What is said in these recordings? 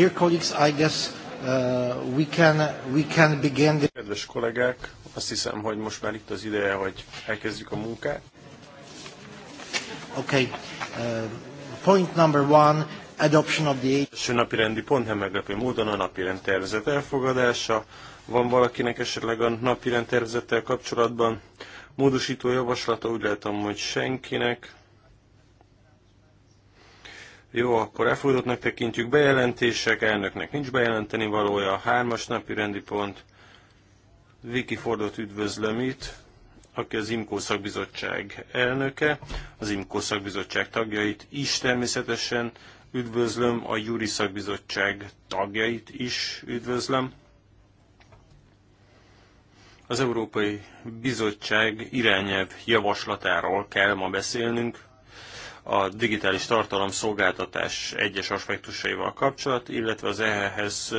Dear colleagues, I guess uh, we, can, we can begin the... Kedves kollégák, azt hiszem, hogy most már itt az ideje, hogy elkezdjük a munkát. Okay. Uh, point number one, adoption of the... Első napi rendi pont, nem meglepő módon a napi rend tervezet elfogadása. Van valakinek esetleg a napi rend tervezettel kapcsolatban módosító javaslata? Úgy látom, hogy senkinek. Jó, akkor elfogadottnak tekintjük bejelentések, elnöknek nincs bejelenteni valója, a hármas napi rendi pont. Viki Fordot üdvözlöm itt, aki az IMKO szakbizottság elnöke, az IMKO szakbizottság tagjait is természetesen üdvözlöm, a Júri szakbizottság tagjait is üdvözlöm. Az Európai Bizottság irányelv javaslatáról kell ma beszélnünk, a digitális tartalom szolgáltatás egyes aspektusaival kapcsolat, illetve az ehhez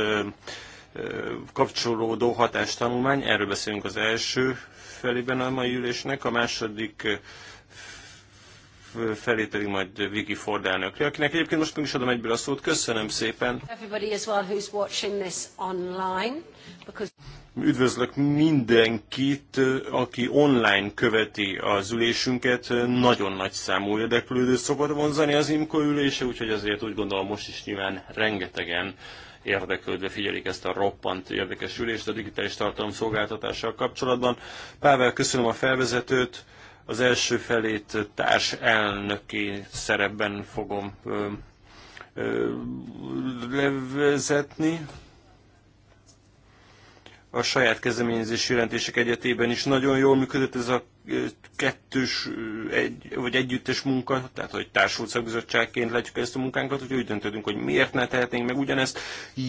kapcsolódó hatástanulmány. Erről beszélünk az első felében a mai ülésnek, a második felé pedig majd Vicky Ford elnökre, akinek egyébként most meg is adom egyből a szót. Köszönöm szépen! Üdvözlök mindenkit, aki online követi az ülésünket. Nagyon nagy számú érdeklődő szokott vonzani az IMCO ülése, úgyhogy azért úgy gondolom most is nyilván rengetegen érdeklődve figyelik ezt a roppant érdekes ülést a digitális tartalom szolgáltatással kapcsolatban. Pável, köszönöm a felvezetőt. Az első felét társ elnöki szerepben fogom levezetni a saját kezdeményezési jelentések egyetében is nagyon jól működött ez a kettős egy, vagy együttes munka, tehát hogy társult szakbizottságként látjuk ezt a munkánkat, hogy úgy döntöttünk, hogy miért ne tehetnénk meg ugyanezt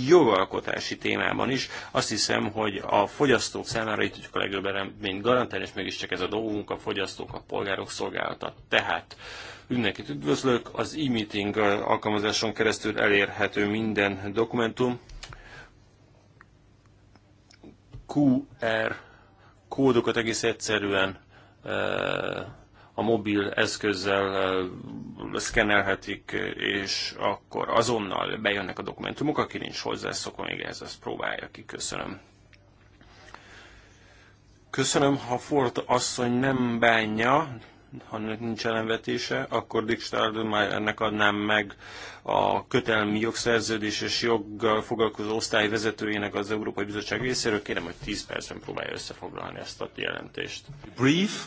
jogalkotási témában is. Azt hiszem, hogy a fogyasztók számára itt tudjuk a legjobb eredményt garantálni, és mégiscsak ez a dolgunk, a fogyasztók, a polgárok szolgálata. Tehát mindenkit üdvözlök, az e-meeting alkalmazáson keresztül elérhető minden dokumentum, QR kódokat egész egyszerűen a mobil eszközzel szkennelhetik, és akkor azonnal bejönnek a dokumentumok, aki nincs hozzászokva még ehhez, ezt próbálja ki. Köszönöm. Köszönöm, ha Ford asszony nem bánja, ha nincs ellenvetése, akkor Dick Stardemeyernek adnám meg a kötelmi és joggal foglalkozó osztály vezetőjének az Európai Bizottság részéről. Kérem, hogy 10 percben próbálja összefoglalni ezt a jelentést. Brief.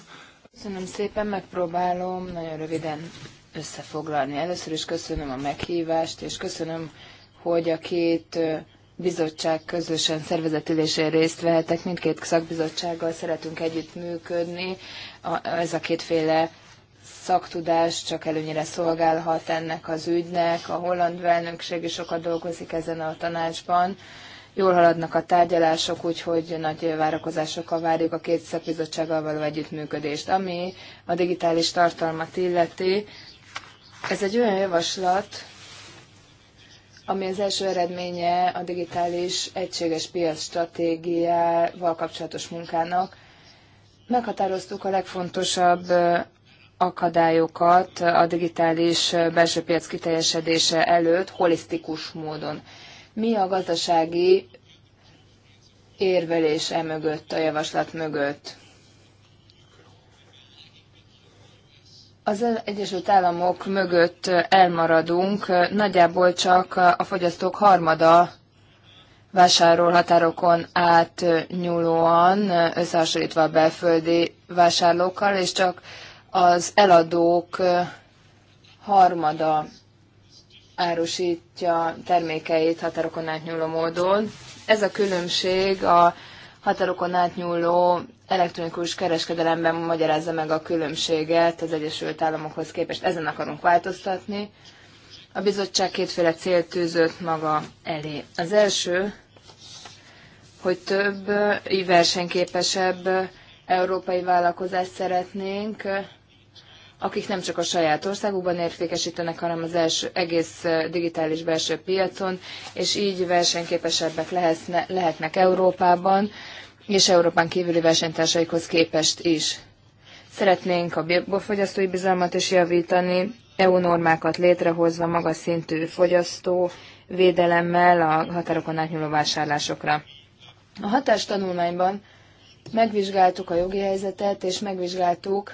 Köszönöm szépen, megpróbálom nagyon röviden összefoglalni. Először is köszönöm a meghívást, és köszönöm, hogy a két bizottság közösen szervezetülésén részt vehetek. Mindkét szakbizottsággal szeretünk együttműködni. Ez a kétféle szaktudás csak előnyire szolgálhat ennek az ügynek. A holland elnökség is sokat dolgozik ezen a tanácsban. Jól haladnak a tárgyalások, úgyhogy nagy várakozásokkal várjuk a két szakbizottsággal való együttműködést. Ami a digitális tartalmat illeti, ez egy olyan javaslat, ami az első eredménye a digitális egységes piac stratégiával kapcsolatos munkának. Meghatároztuk a legfontosabb akadályokat a digitális belső piac kiteljesedése előtt holisztikus módon. Mi a gazdasági érvelés e mögött, a javaslat mögött? Az Egyesült Államok mögött elmaradunk, nagyjából csak a fogyasztók harmada vásárol határokon átnyúlóan, összehasonlítva a belföldi vásárlókkal, és csak az eladók harmada árusítja termékeit határokon átnyúló módon. Ez a különbség a határokon átnyúló elektronikus kereskedelemben magyarázza meg a különbséget az Egyesült Államokhoz képest. Ezen akarunk változtatni. A bizottság kétféle cél tűzött maga elé. Az első, hogy több versenyképesebb európai vállalkozást szeretnénk, akik nem csak a saját országukban értékesítenek, hanem az első, egész digitális belső piacon, és így versenyképesebbek lehetne, lehetnek Európában és Európán kívüli versenytársaikhoz képest is. Szeretnénk a fogyasztói bizalmat is javítani, EU normákat létrehozva magas szintű fogyasztó védelemmel a határokon átnyúló vásárlásokra. A hatástanulmányban megvizsgáltuk a jogi helyzetet, és megvizsgáltuk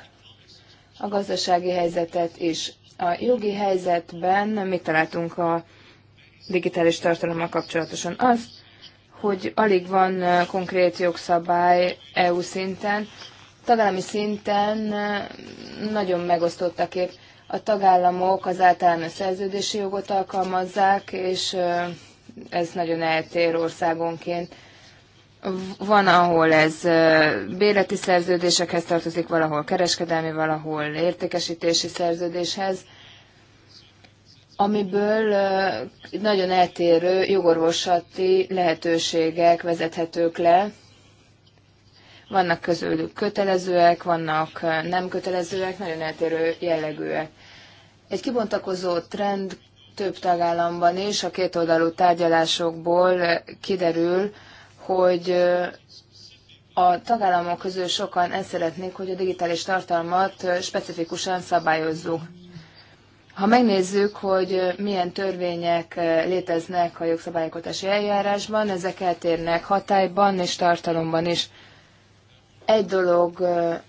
a gazdasági helyzetet is. A jogi helyzetben mit találtunk a digitális tartalommal kapcsolatosan? Azt, hogy alig van konkrét jogszabály EU szinten, tagállami szinten nagyon megosztott a kép. A tagállamok az általános szerződési jogot alkalmazzák, és ez nagyon eltér országonként. Van, ahol ez béleti szerződésekhez tartozik, valahol kereskedelmi, valahol értékesítési szerződéshez amiből nagyon eltérő jogorvoslati lehetőségek vezethetők le. Vannak közülük kötelezőek, vannak nem kötelezőek, nagyon eltérő jellegűek. Egy kibontakozó trend több tagállamban is a kétoldalú tárgyalásokból kiderül, hogy a tagállamok közül sokan ezt szeretnék, hogy a digitális tartalmat specifikusan szabályozzuk. Ha megnézzük, hogy milyen törvények eh, léteznek a jogszabályokotási eljárásban, ezek eltérnek hatályban és tartalomban is. Egy dologban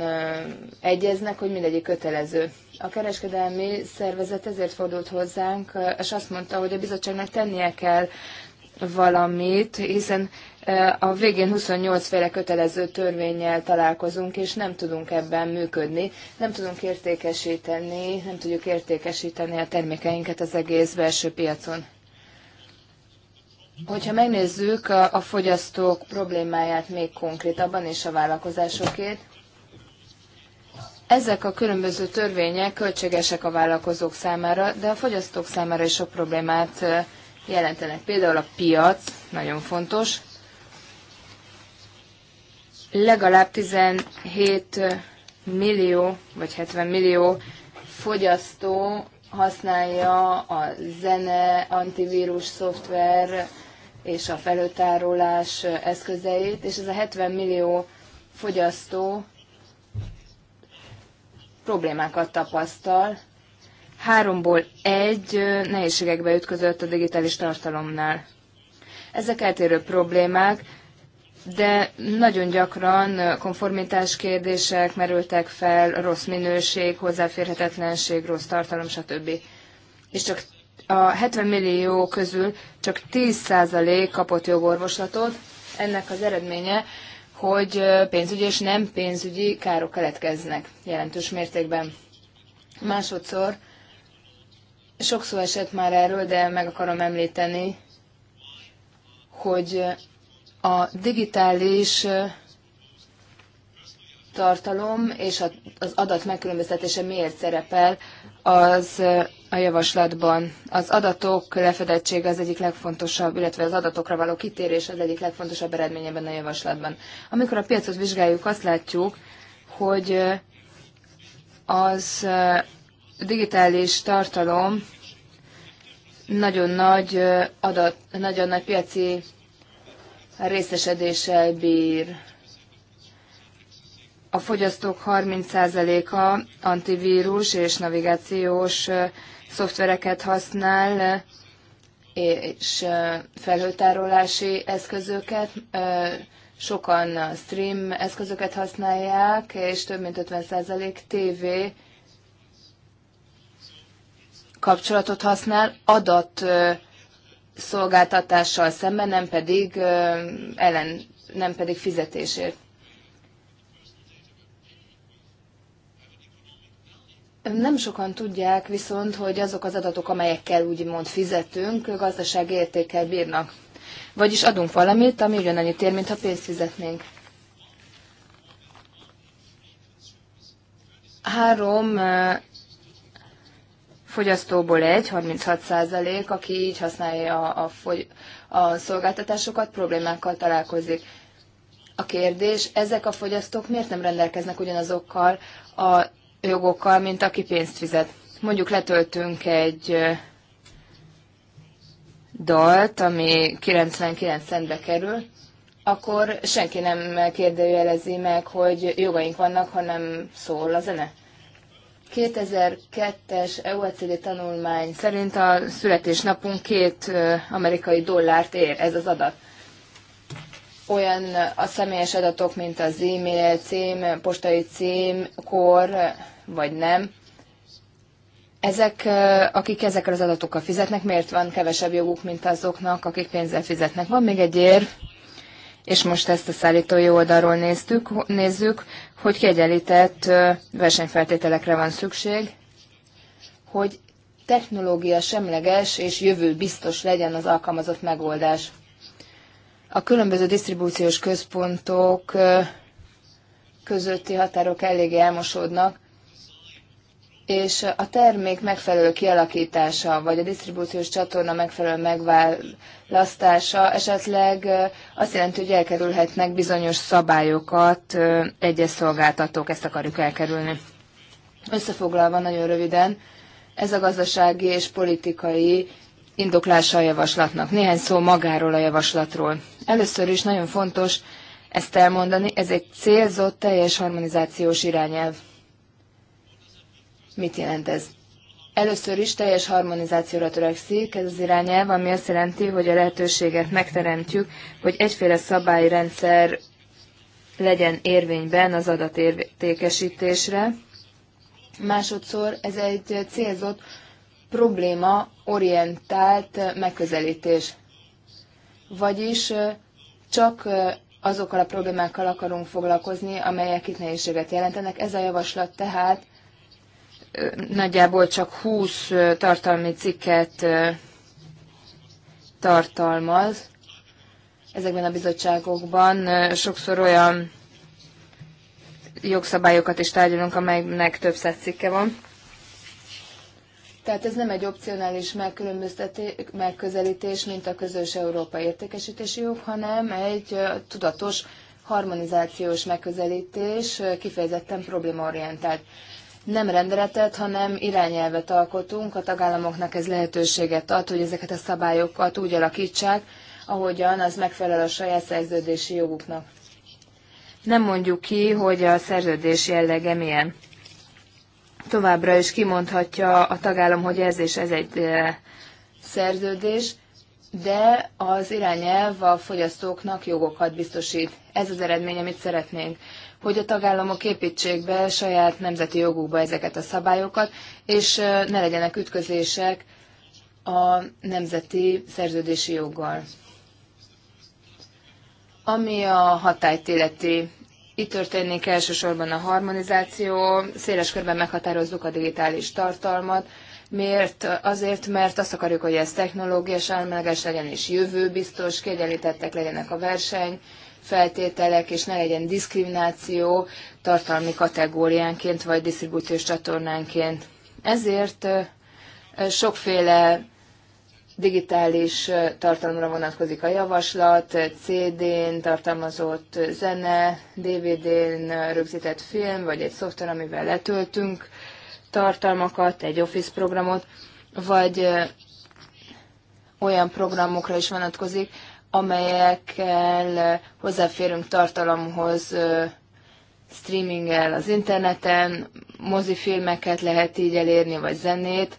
eh, eh, egyeznek, hogy mindegyik kötelező. A kereskedelmi szervezet ezért fordult hozzánk, és azt mondta, hogy a bizottságnak tennie kell valamit, hiszen e, a végén 28 féle kötelező törvényel találkozunk, és nem tudunk ebben működni, nem tudunk értékesíteni, nem tudjuk értékesíteni a termékeinket az egész belső piacon. Hogyha megnézzük a, a fogyasztók problémáját még konkrétabban és a vállalkozásokét, ezek a különböző törvények költségesek a vállalkozók számára, de a fogyasztók számára is sok problémát e, jelentenek. Például a piac, nagyon fontos, legalább 17 millió vagy 70 millió fogyasztó használja a zene, antivírus szoftver és a felőtárolás eszközeit, és ez a 70 millió fogyasztó problémákat tapasztal, háromból egy nehézségekbe ütközött a digitális tartalomnál. Ezek eltérő problémák, de nagyon gyakran konformitás kérdések merültek fel, rossz minőség, hozzáférhetetlenség, rossz tartalom, stb. És csak a 70 millió közül csak 10% kapott jogorvoslatot. Ennek az eredménye, hogy pénzügyi és nem pénzügyi károk keletkeznek jelentős mértékben. Másodszor sok szó esett már erről, de meg akarom említeni, hogy a digitális tartalom és az adat megkülönböztetése miért szerepel az a javaslatban. Az adatok lefedettsége az egyik legfontosabb, illetve az adatokra való kitérés az egyik legfontosabb eredményeben a javaslatban. Amikor a piacot vizsgáljuk, azt látjuk, hogy az digitális tartalom nagyon nagy adat, nagyon nagy piaci részesedéssel bír. A fogyasztók 30%-a antivírus és navigációs szoftvereket használ, és felhőtárolási eszközöket, sokan stream eszközöket használják, és több mint 50% TV kapcsolatot használ adat szolgáltatással szemben, nem pedig ellen, nem pedig fizetésért. Nem sokan tudják viszont, hogy azok az adatok, amelyekkel úgymond fizetünk, gazdasági értékkel bírnak. Vagyis adunk valamit, ami ugyanannyit ér, mintha pénzt fizetnénk. Három fogyasztóból egy, 36 százalék, aki így használja a, a, fogy, a szolgáltatásokat, problémákkal találkozik. A kérdés, ezek a fogyasztók miért nem rendelkeznek ugyanazokkal a jogokkal, mint aki pénzt fizet? Mondjuk letöltünk egy dalt, ami 99 centbe kerül, akkor senki nem kérdőjelezi meg, hogy jogaink vannak, hanem szól a zene. 2002-es EOCD tanulmány szerint a születésnapunk két amerikai dollárt ér ez az adat. Olyan a személyes adatok, mint az e-mail cím, postai cím, kor, vagy nem. Ezek, akik ezekkel az adatokkal fizetnek, miért van kevesebb joguk, mint azoknak, akik pénzzel fizetnek? Van még egy ér? és most ezt a szállítói oldalról néztük, nézzük, hogy kiegyenlített versenyfeltételekre van szükség, hogy technológia semleges és jövő biztos legyen az alkalmazott megoldás. A különböző disztribúciós központok közötti határok eléggé elmosódnak, és a termék megfelelő kialakítása, vagy a disztribúciós csatorna megfelelő megválasztása esetleg azt jelenti, hogy elkerülhetnek bizonyos szabályokat egyes szolgáltatók, ezt akarjuk elkerülni. Összefoglalva nagyon röviden, ez a gazdasági és politikai indoklása a javaslatnak. Néhány szó magáról a javaslatról. Először is nagyon fontos ezt elmondani, ez egy célzott teljes harmonizációs irányelv Mit jelent ez? Először is teljes harmonizációra törekszik ez az irányelv, ami azt jelenti, hogy a lehetőséget megteremtjük, hogy egyféle szabályrendszer legyen érvényben az adatértékesítésre. Másodszor ez egy célzott probléma orientált megközelítés. Vagyis csak azokkal a problémákkal akarunk foglalkozni, amelyek itt nehézséget jelentenek. Ez a javaslat tehát nagyjából csak 20 tartalmi cikket tartalmaz. Ezekben a bizottságokban sokszor olyan jogszabályokat is tárgyalunk, amelynek több száz cikke van. Tehát ez nem egy opcionális megközelítés, mint a közös európai értékesítési jog, hanem egy tudatos harmonizációs megközelítés, kifejezetten problémaorientált nem rendeletet, hanem irányelvet alkotunk. A tagállamoknak ez lehetőséget ad, hogy ezeket a szabályokat úgy alakítsák, ahogyan az megfelel a saját szerződési joguknak. Nem mondjuk ki, hogy a szerződés jellege milyen. Továbbra is kimondhatja a tagállam, hogy ez és ez egy eh, szerződés, de az irányelv a fogyasztóknak jogokat biztosít. Ez az eredmény, amit szeretnénk hogy a tagállamok építsék be saját nemzeti jogukba ezeket a szabályokat, és ne legyenek ütközések a nemzeti szerződési joggal. Ami a hatályt illeti, itt történik elsősorban a harmonizáció, széles körben meghatározzuk a digitális tartalmat. Miért? Azért, mert azt akarjuk, hogy ez technológiás, elmeleges legyen és jövőbiztos, kiegyenlítettek legyenek a verseny feltételek, és ne legyen diszkrimináció tartalmi kategóriánként vagy disztribúciós csatornánként. Ezért sokféle digitális tartalomra vonatkozik a javaslat, CD-n tartalmazott zene, DVD-n rögzített film, vagy egy szoftver, amivel letöltünk tartalmakat, egy Office programot, vagy olyan programokra is vonatkozik, amelyekkel hozzáférünk tartalomhoz streaminggel az interneten, mozifilmeket lehet így elérni, vagy zenét,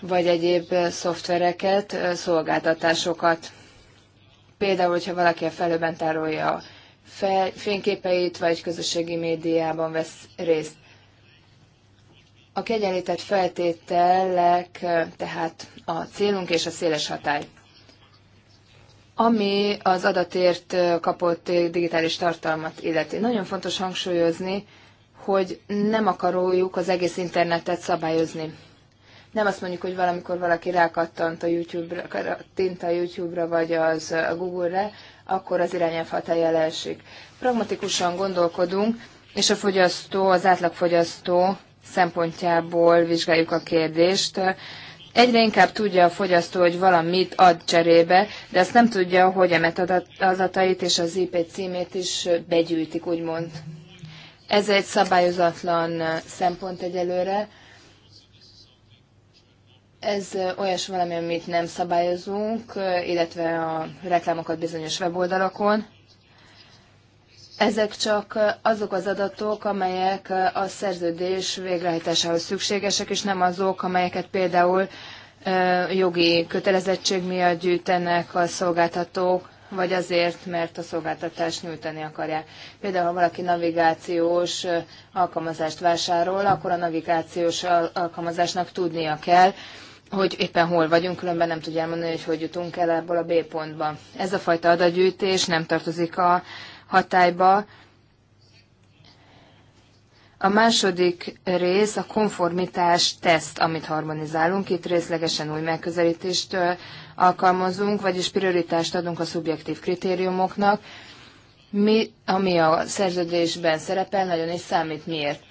vagy egyéb szoftvereket, szolgáltatásokat. Például, hogyha valaki a felőben tárolja a fényképeit, vagy közösségi médiában vesz részt. A kegyenlített feltételek tehát a célunk és a széles hatály. Ami az adatért kapott digitális tartalmat illeti. Nagyon fontos hangsúlyozni, hogy nem akaroljuk az egész internetet szabályozni. Nem azt mondjuk, hogy valamikor valaki rákattant a YouTube-ra, tint a YouTube-ra vagy az a Google-re, akkor az irányelv hatája leesik. Pragmatikusan gondolkodunk, és a fogyasztó, az átlagfogyasztó szempontjából vizsgáljuk a kérdést Egyre inkább tudja a fogyasztó, hogy valamit ad cserébe, de azt nem tudja, hogy a metadatait és az IP címét is begyűjtik, úgymond. Ez egy szabályozatlan szempont egyelőre. Ez olyas valami, amit nem szabályozunk, illetve a reklámokat bizonyos weboldalakon. Ezek csak azok az adatok, amelyek a szerződés végrehajtásához szükségesek, és nem azok, amelyeket például jogi kötelezettség miatt gyűjtenek a szolgáltatók, vagy azért, mert a szolgáltatást nyújtani akarják. Például, ha valaki navigációs alkalmazást vásárol, akkor a navigációs alkalmazásnak tudnia kell, hogy éppen hol vagyunk, különben nem tudja elmondani, hogy hogy jutunk el ebből a B pontba. Ez a fajta adatgyűjtés nem tartozik a hatályba. A második rész a konformitás teszt, amit harmonizálunk. Itt részlegesen új megközelítést alkalmazunk, vagyis prioritást adunk a szubjektív kritériumoknak. Mi, ami a szerződésben szerepel, nagyon is számít. Miért?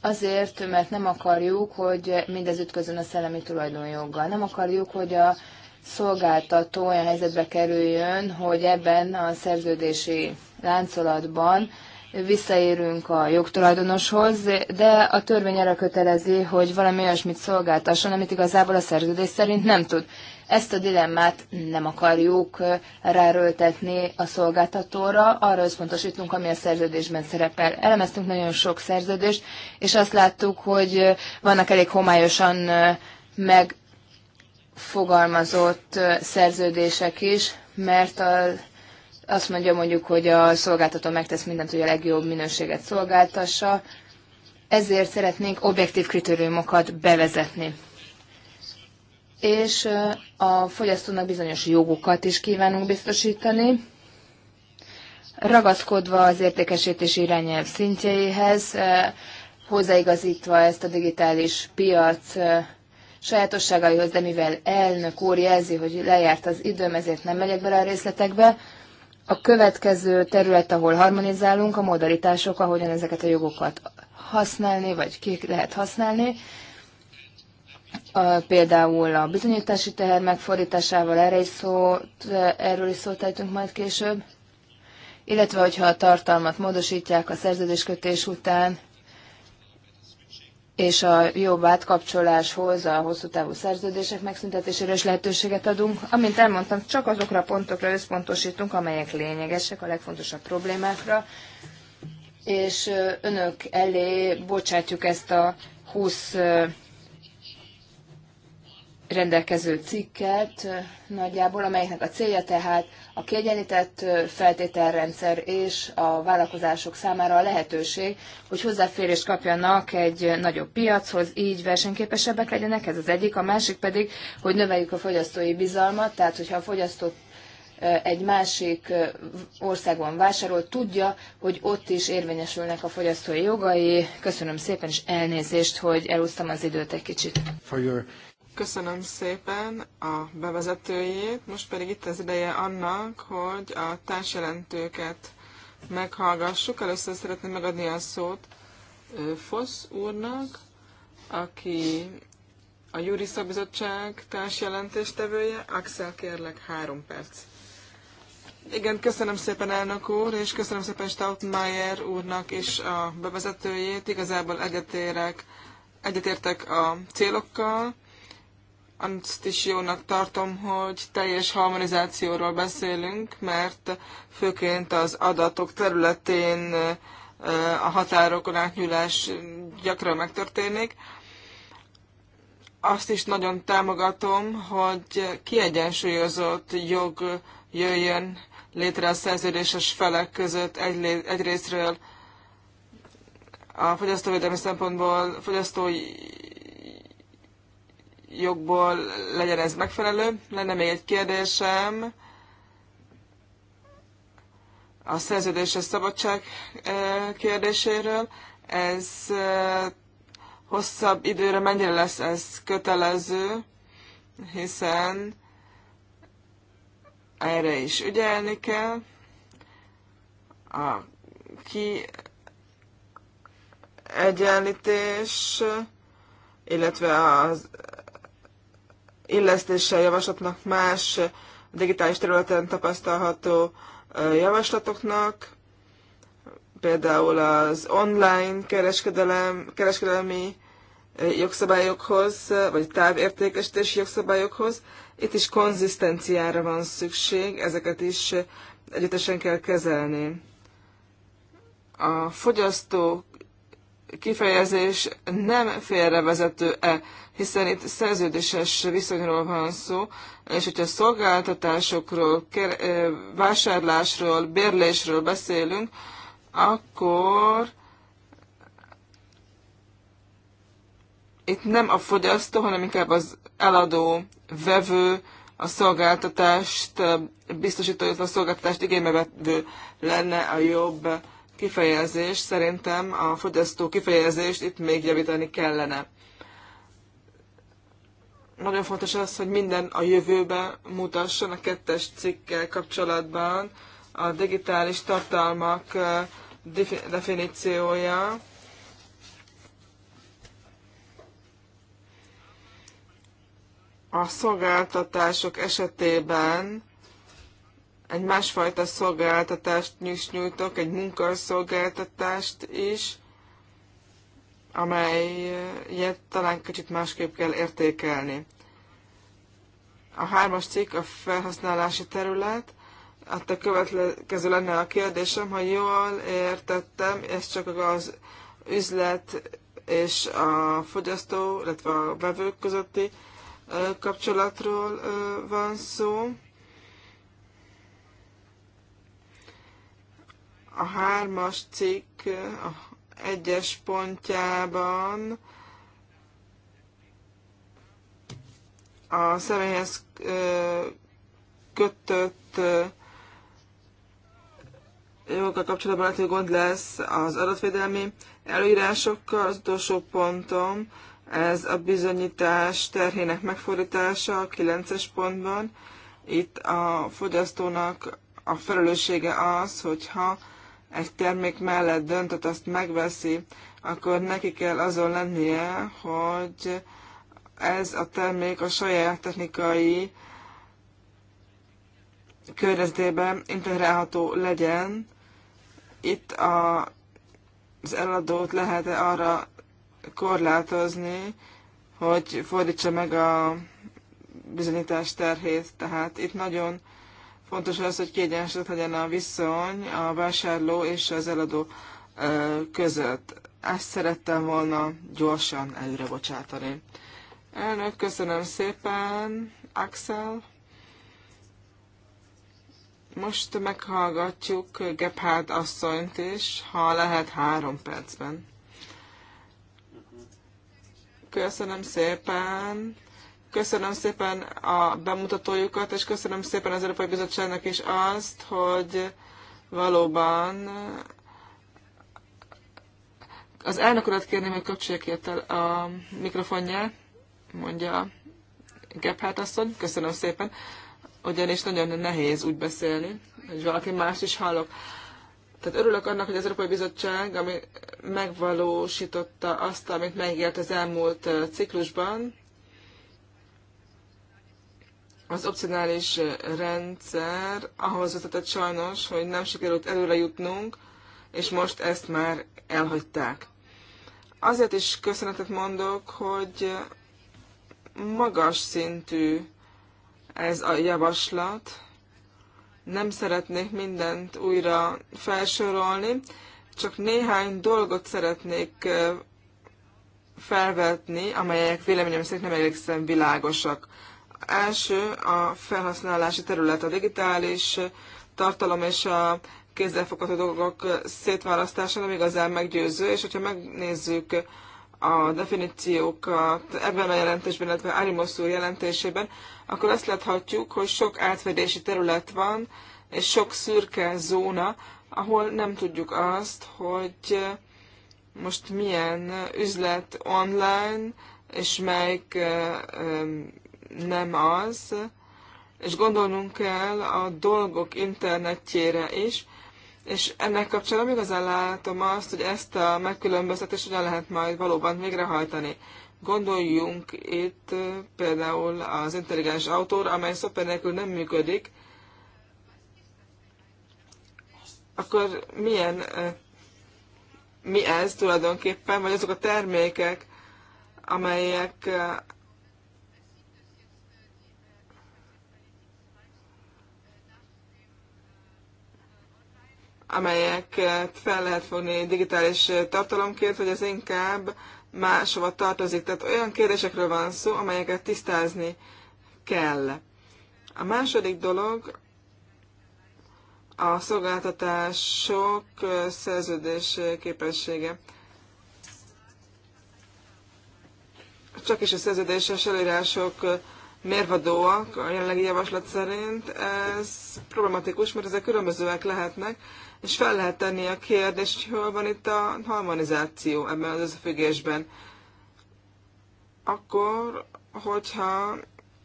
Azért, mert nem akarjuk, hogy mindez ütközön a szellemi tulajdonjoggal. Nem akarjuk, hogy a szolgáltató olyan helyzetbe kerüljön, hogy ebben a szerződési láncolatban visszaérünk a jogtulajdonoshoz, de a törvény arra kötelezi, hogy valami olyasmit szolgáltasson, amit igazából a szerződés szerint nem tud. Ezt a dilemmát nem akarjuk ráröltetni a szolgáltatóra, arra összpontosítunk, ami a szerződésben szerepel. Elemeztünk nagyon sok szerződést, és azt láttuk, hogy vannak elég homályosan megfogalmazott szerződések is, mert a azt mondja mondjuk, hogy a szolgáltató megtesz mindent, hogy a legjobb minőséget szolgáltassa, ezért szeretnénk objektív kritériumokat bevezetni. És a fogyasztónak bizonyos jogokat is kívánunk biztosítani, ragaszkodva az értékesítés irányelv szintjeihez, hozzáigazítva ezt a digitális piac sajátosságaihoz, de mivel elnök úr jelzi, hogy lejárt az időm, ezért nem megyek bele a részletekbe, a következő terület, ahol harmonizálunk, a modalitások, ahogyan ezeket a jogokat használni, vagy ki lehet használni. A, például a bizonyítási teher megfordításával erre is szót, erről is szót ejtünk majd később, illetve hogyha a tartalmat módosítják a szerződéskötés után, és a jobb átkapcsoláshoz, a hosszú távú szerződések megszüntetésére is lehetőséget adunk. Amint elmondtam, csak azokra a pontokra összpontosítunk, amelyek lényegesek, a legfontosabb problémákra, és önök elé bocsátjuk ezt a 20 rendelkező cikket nagyjából, amelynek a célja tehát a kiegyenlített feltételrendszer és a vállalkozások számára a lehetőség, hogy hozzáférést kapjanak egy nagyobb piachoz, így versenyképesebbek legyenek, ez az egyik, a másik pedig, hogy növeljük a fogyasztói bizalmat, tehát hogyha a fogyasztó egy másik országban vásárol, tudja, hogy ott is érvényesülnek a fogyasztói jogai. Köszönöm szépen, és elnézést, hogy elúsztam az időt egy kicsit. Köszönöm szépen a bevezetőjét, most pedig itt az ideje annak, hogy a társjelentőket meghallgassuk. Először szeretném megadni a szót Fosz úrnak, aki a Júri Szabizottság társjelentéstevője. Axel, kérlek, három perc. Igen, köszönöm szépen elnök úr, és köszönöm szépen Stoutmeier úrnak is a bevezetőjét. Igazából egyetérek, egyetértek a célokkal, azt is jónak tartom, hogy teljes harmonizációról beszélünk, mert főként az adatok területén eh, a határokon átnyúlás gyakran megtörténik. Azt is nagyon támogatom, hogy kiegyensúlyozott jog jöjjön létre a szerződéses felek között egy, egyrésztről a fogyasztóvédelmi szempontból fogyasztói jogból legyen ez megfelelő. Lenne még egy kérdésem. A szerződéses szabadság kérdéséről. Ez hosszabb időre mennyire lesz ez kötelező, hiszen erre is ügyelni kell. A ki egyenlítés, illetve az illesztéssel javaslatnak más digitális területen tapasztalható javaslatoknak, például az online kereskedelem, kereskedelmi jogszabályokhoz, vagy távértékesítési jogszabályokhoz. Itt is konzisztenciára van szükség, ezeket is együttesen kell kezelni. A fogyasztó kifejezés nem félrevezető-e, hiszen itt szerződéses viszonyról van szó, és hogyha szolgáltatásokról, vásárlásról, bérlésről beszélünk, akkor itt nem a fogyasztó, hanem inkább az eladó, vevő, a szolgáltatást biztosító, a szolgáltatást igénybe lenne a jobb kifejezés, szerintem a fogyasztó kifejezést itt még javítani kellene. Nagyon fontos az, hogy minden a jövőbe mutasson a kettes cikkel kapcsolatban a digitális tartalmak definíciója. A szolgáltatások esetében egy másfajta szolgáltatást is nyújtok, egy munkaszolgáltatást is, amelyet talán kicsit másképp kell értékelni. A hármas cikk a felhasználási terület, hát a következő lenne a kérdésem, ha jól értettem, ez csak az üzlet és a fogyasztó, illetve a vevők közötti kapcsolatról van szó. a hármas cikk a egyes pontjában a személyhez kötött jogokkal kapcsolatban lehető gond lesz az adatvédelmi előírásokkal. Az utolsó pontom, ez a bizonyítás terhének megfordítása a 9 pontban. Itt a fogyasztónak a felelőssége az, hogyha egy termék mellett döntött, azt megveszi, akkor neki kell azon lennie, hogy ez a termék a saját technikai környezetében integrálható legyen. Itt a, az eladót lehet -e arra korlátozni, hogy fordítsa meg a bizonyítás terhét. Tehát itt nagyon Fontos az, hogy kiegyensúlyozott legyen a viszony a vásárló és az eladó között. Ezt szerettem volna gyorsan előre bocsátani. Elnök, köszönöm szépen, Axel. Most meghallgatjuk Gebhardt asszonyt is, ha lehet három percben. Köszönöm szépen. Köszönöm szépen a bemutatójukat, és köszönöm szépen az Európai Bizottságnak is azt, hogy valóban az elnök urat kérném, hogy kapcsolják a, a mikrofonját, mondja Gebhardt asszony. Köszönöm szépen, ugyanis nagyon nehéz úgy beszélni, hogy valaki más is hallok. Tehát örülök annak, hogy az Európai Bizottság, ami megvalósította azt, amit megígért az elmúlt ciklusban, az opcionális rendszer ahhoz vezetett sajnos, hogy nem sikerült előre jutnunk, és most ezt már elhagyták. Azért is köszönetet mondok, hogy magas szintű ez a javaslat. Nem szeretnék mindent újra felsorolni, csak néhány dolgot szeretnék felvetni, amelyek véleményem szerint nem elég világosak első a felhasználási terület, a digitális tartalom és a kézzelfogható dolgok szétválasztása nem igazán meggyőző, és hogyha megnézzük a definíciókat ebben a jelentésben, illetve Árimos úr jelentésében, akkor azt láthatjuk, hogy sok átfedési terület van, és sok szürke zóna, ahol nem tudjuk azt, hogy most milyen üzlet online, és melyik nem az, és gondolnunk kell a dolgok internetjére is, és ennek kapcsolatban igazán látom azt, hogy ezt a megkülönböztetést hogyan lehet majd valóban végrehajtani. Gondoljunk itt például az intelligens autóra, amely szoper nélkül nem működik, akkor milyen mi ez tulajdonképpen, vagy azok a termékek, amelyek amelyeket fel lehet fogni digitális tartalomként, hogy ez inkább máshova tartozik. Tehát olyan kérdésekről van szó, amelyeket tisztázni kell. A második dolog a szolgáltatások szerződés képessége. Csak is a szerződéses elírások mérvadóak a jelenlegi javaslat szerint. Ez problematikus, mert ezek különbözőek lehetnek, és fel lehet tenni a kérdést, hogy hol van itt a harmonizáció ebben az összefüggésben. Akkor, hogyha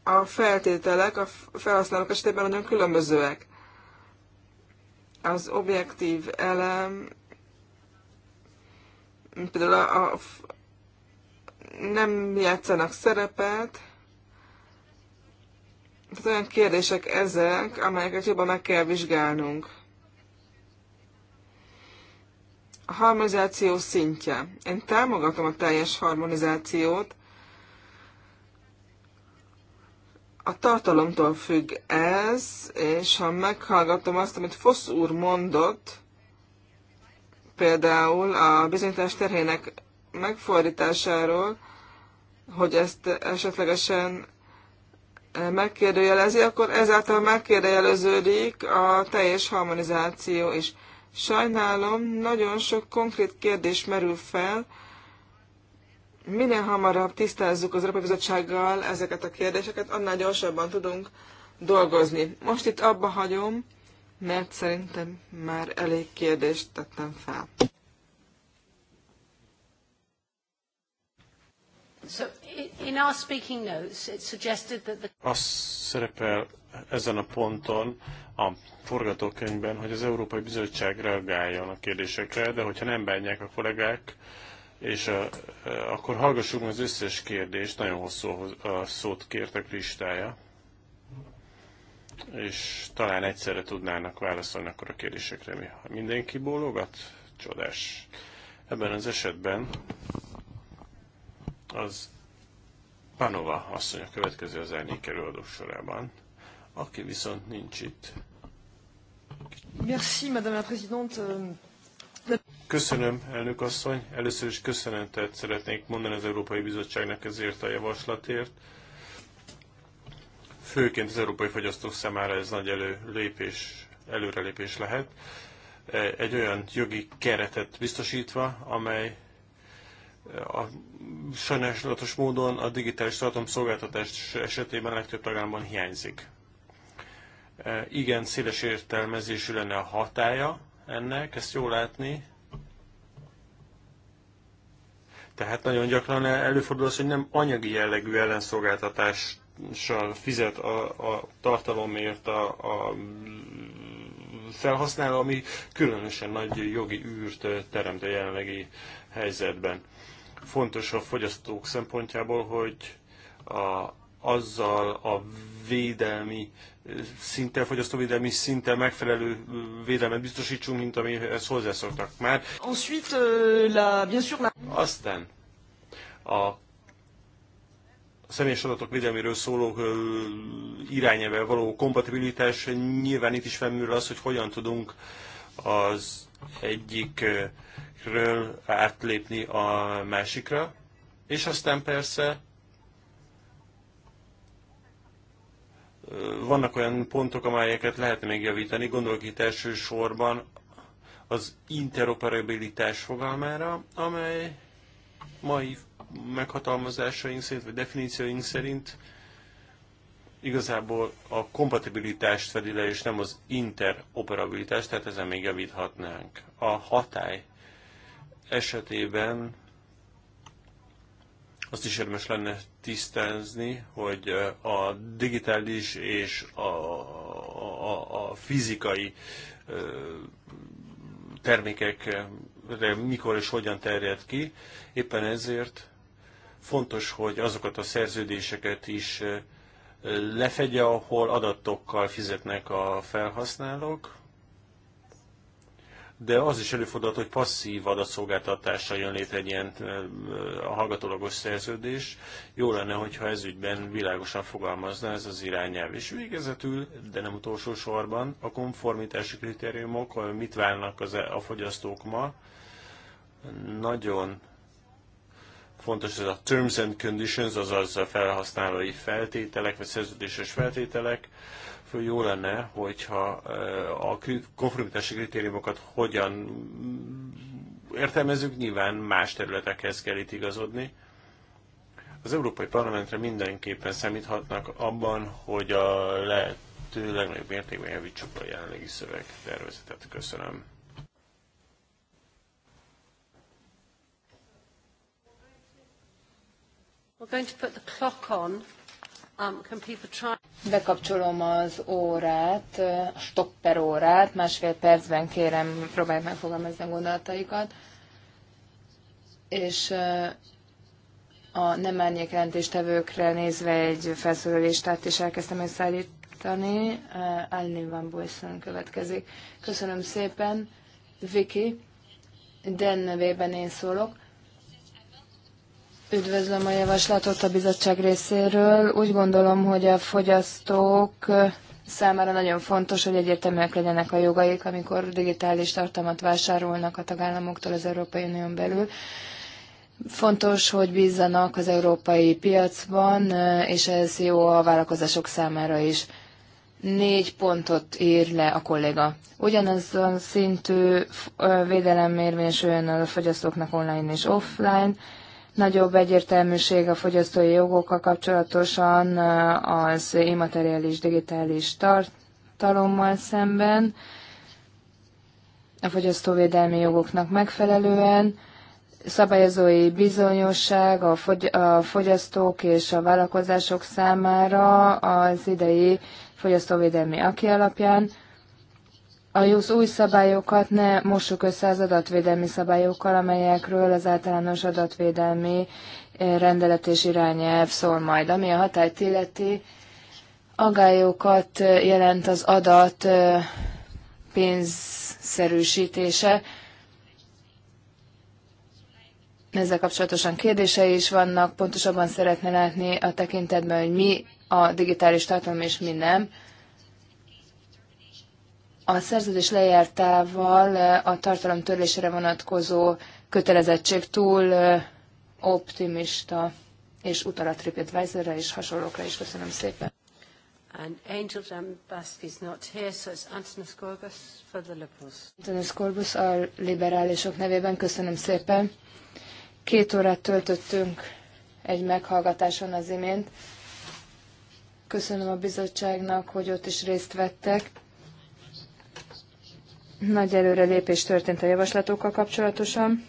a feltételek a felhasználók esetében nagyon különbözőek. Az objektív elem, például a, a, nem játszanak szerepet, tehát olyan kérdések ezek, amelyeket jobban meg kell vizsgálnunk. A harmonizáció szintje. Én támogatom a teljes harmonizációt. A tartalomtól függ ez, és ha meghallgatom azt, amit Fosz úr mondott, például a bizonyítás terhének megfordításáról, hogy ezt esetlegesen eh, megkérdőjelezi, akkor ezáltal megkérdőjeleződik a teljes harmonizáció is. Sajnálom, nagyon sok konkrét kérdés merül fel. Minél hamarabb tisztázzuk az Európai Bizottsággal ezeket a kérdéseket, annál gyorsabban tudunk dolgozni. Most itt abba hagyom, mert szerintem már elég kérdést tettem fel. So, Azt szerepel ezen a ponton a forgatókönyvben, hogy az Európai Bizottság reagáljon a kérdésekre, de hogyha nem bánják a kollégák, és a, akkor hallgassuk az összes kérdést, nagyon hosszú a szót kértek listája, és talán egyszerre tudnának válaszolni akkor a kérdésekre. Mi? Ha mindenki bólogat? Csodás. Ebben az esetben az Panova asszony a következő az elnék előadók sorában aki viszont nincs itt. Merci, Madame la Présidente. Köszönöm, elnök asszony. Először is köszönetet szeretnék mondani az Európai Bizottságnak ezért a javaslatért. Főként az európai fogyasztók számára ez nagy előlépés, előrelépés lehet. Egy olyan jogi keretet biztosítva, amely a sajnálatos módon a digitális tartalomszolgáltatás esetében a legtöbb tagállamban hiányzik. E, igen széles értelmezésű lenne a hatája ennek, ezt jól látni. Tehát nagyon gyakran előfordul az, hogy nem anyagi jellegű ellenszolgáltatással fizet a, a tartalomért a, a felhasználó, ami különösen nagy jogi űrt teremt a jelenlegi helyzetben. Fontos a fogyasztók szempontjából, hogy a azzal a védelmi szinten, fogyasztóvédelmi szinten megfelelő védelmet biztosítsunk, mint amihez hozzászoktak már. Ensuite, euh, la, bien sûr, la... Aztán a a személyes adatok védelméről szóló irányelve való kompatibilitás, nyilván itt is felműr az, hogy hogyan tudunk az egyikről átlépni a másikra, és aztán persze vannak olyan pontok, amelyeket lehet még javítani, gondolok itt elsősorban az interoperabilitás fogalmára, amely mai meghatalmazásaink szerint, vagy definícióink szerint igazából a kompatibilitást fedi le, és nem az interoperabilitást, tehát ezen még javíthatnánk. A hatály esetében azt is érdemes lenne tisztázni, hogy a digitális és a, a, a fizikai termékekre mikor és hogyan terjed ki. Éppen ezért fontos, hogy azokat a szerződéseket is lefegye, ahol adatokkal fizetnek a felhasználók de az is előfordulhat, hogy passzív adatszolgáltatásra jön létre egy ilyen a hallgatólagos szerződés. Jó lenne, hogyha ez ügyben világosan fogalmazna ez az irányelv. És végezetül, de nem utolsó sorban, a konformitási kritériumok, mit várnak az, e, a fogyasztók ma, nagyon fontos ez a terms and conditions, azaz a felhasználói feltételek, vagy szerződéses feltételek jó lenne, hogyha eh, a konformitási kritériumokat hogyan értelmezünk, nyilván más területekhez kell itt igazodni. Az Európai Parlamentre mindenképpen számíthatnak abban, hogy a lehető legnagyobb mértékben javítsuk a jelenlegi tervezetet. Köszönöm. We're going to put the clock on. Um, Bekapcsolom az órát, a stopper órát, másfél percben kérem, próbálják megfogalmazni a gondolataikat. És a nem árnyék jelentéstevőkre nézve egy felszólalistát is elkezdtem összeállítani. Alin Van Boyson következik. Köszönöm szépen, Viki. Den nevében én szólok. Üdvözlöm a javaslatot a bizottság részéről. Úgy gondolom, hogy a fogyasztók számára nagyon fontos, hogy egyértelműek legyenek a jogaik, amikor digitális tartalmat vásárolnak a tagállamoktól az Európai Unión belül. Fontos, hogy bízzanak az európai piacban, és ez jó a vállalkozások számára is. Négy pontot ír le a kolléga. Ugyanaz a szintű védelem érvényesüljön a fogyasztóknak online és offline, Nagyobb egyértelműség a fogyasztói jogokkal kapcsolatosan az immateriális digitális tartalommal szemben, a fogyasztóvédelmi jogoknak megfelelően, szabályozói bizonyosság a, fogyasztók és a vállalkozások számára az idei fogyasztóvédelmi aki alapján, a JUSZ új szabályokat ne mossuk össze az adatvédelmi szabályokkal, amelyekről az általános adatvédelmi eh, rendelet és irányelv szól majd. Ami a hatályt illeti, agályokat eh, jelent az adat eh, pénzszerűsítése. Ezzel kapcsolatosan kérdései is vannak, pontosabban szeretné látni a tekintetben, hogy mi a digitális tartalom és mi nem a szerződés lejártával a tartalom törlésére vonatkozó kötelezettség túl optimista, és utal a tripadvisor re és hasonlókra is. Köszönöm szépen. And Angel Jambask is not here, so it's Antonis Corbus for the Liberals. Antonis Corbus a liberálisok nevében köszönöm szépen. Két órát töltöttünk egy meghallgatáson az imént. Köszönöm a bizottságnak, hogy ott is részt vettek. Nagy előrelépés történt a javaslatokkal kapcsolatosan.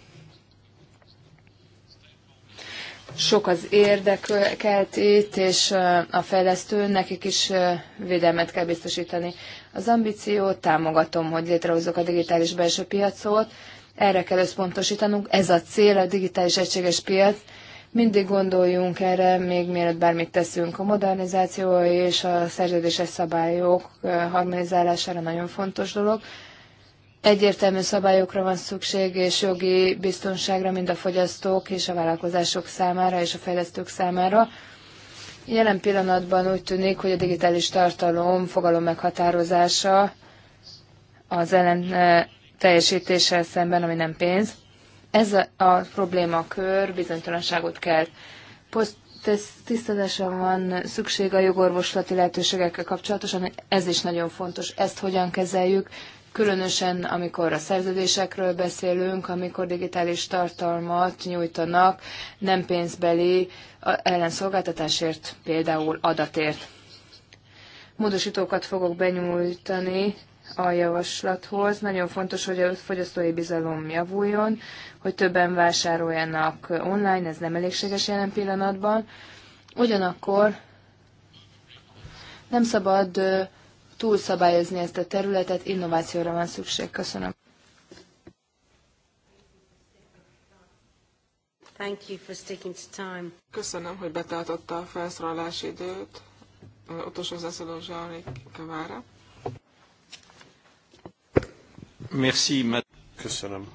Sok az érdekelt itt, és a fejlesztő nekik is védelmet kell biztosítani. Az ambíciót támogatom, hogy létrehozzuk a digitális belső piacot. Erre kell összpontosítanunk. Ez a cél, a digitális egységes piac. Mindig gondoljunk erre, még mielőtt bármit teszünk. A modernizáció és a szerződéses szabályok harmonizálására nagyon fontos dolog. Egyértelmű szabályokra van szükség, és jogi biztonságra mind a fogyasztók és a vállalkozások számára és a fejlesztők számára. Jelen pillanatban úgy tűnik, hogy a digitális tartalom fogalom meghatározása az ellen e, teljesítéssel szemben, ami nem pénz. Ez a, problémakör bizonytalanságot kelt. Poszt van szükség a jogorvoslati lehetőségekkel kapcsolatosan, ez is nagyon fontos. Ezt hogyan kezeljük, különösen amikor a szerződésekről beszélünk, amikor digitális tartalmat nyújtanak nem pénzbeli ellenszolgáltatásért, például adatért. Módosítókat fogok benyújtani a javaslathoz. Nagyon fontos, hogy a fogyasztói bizalom javuljon, hogy többen vásároljanak online, ez nem elégséges jelen pillanatban. Ugyanakkor nem szabad túlszabályozni ezt a területet, innovációra van szükség. Köszönöm. Thank you for sticking to time. Köszönöm, hogy betartotta a felszólalási időt. Utolsó zászló Zsánik Kavára. Merci, Köszönöm,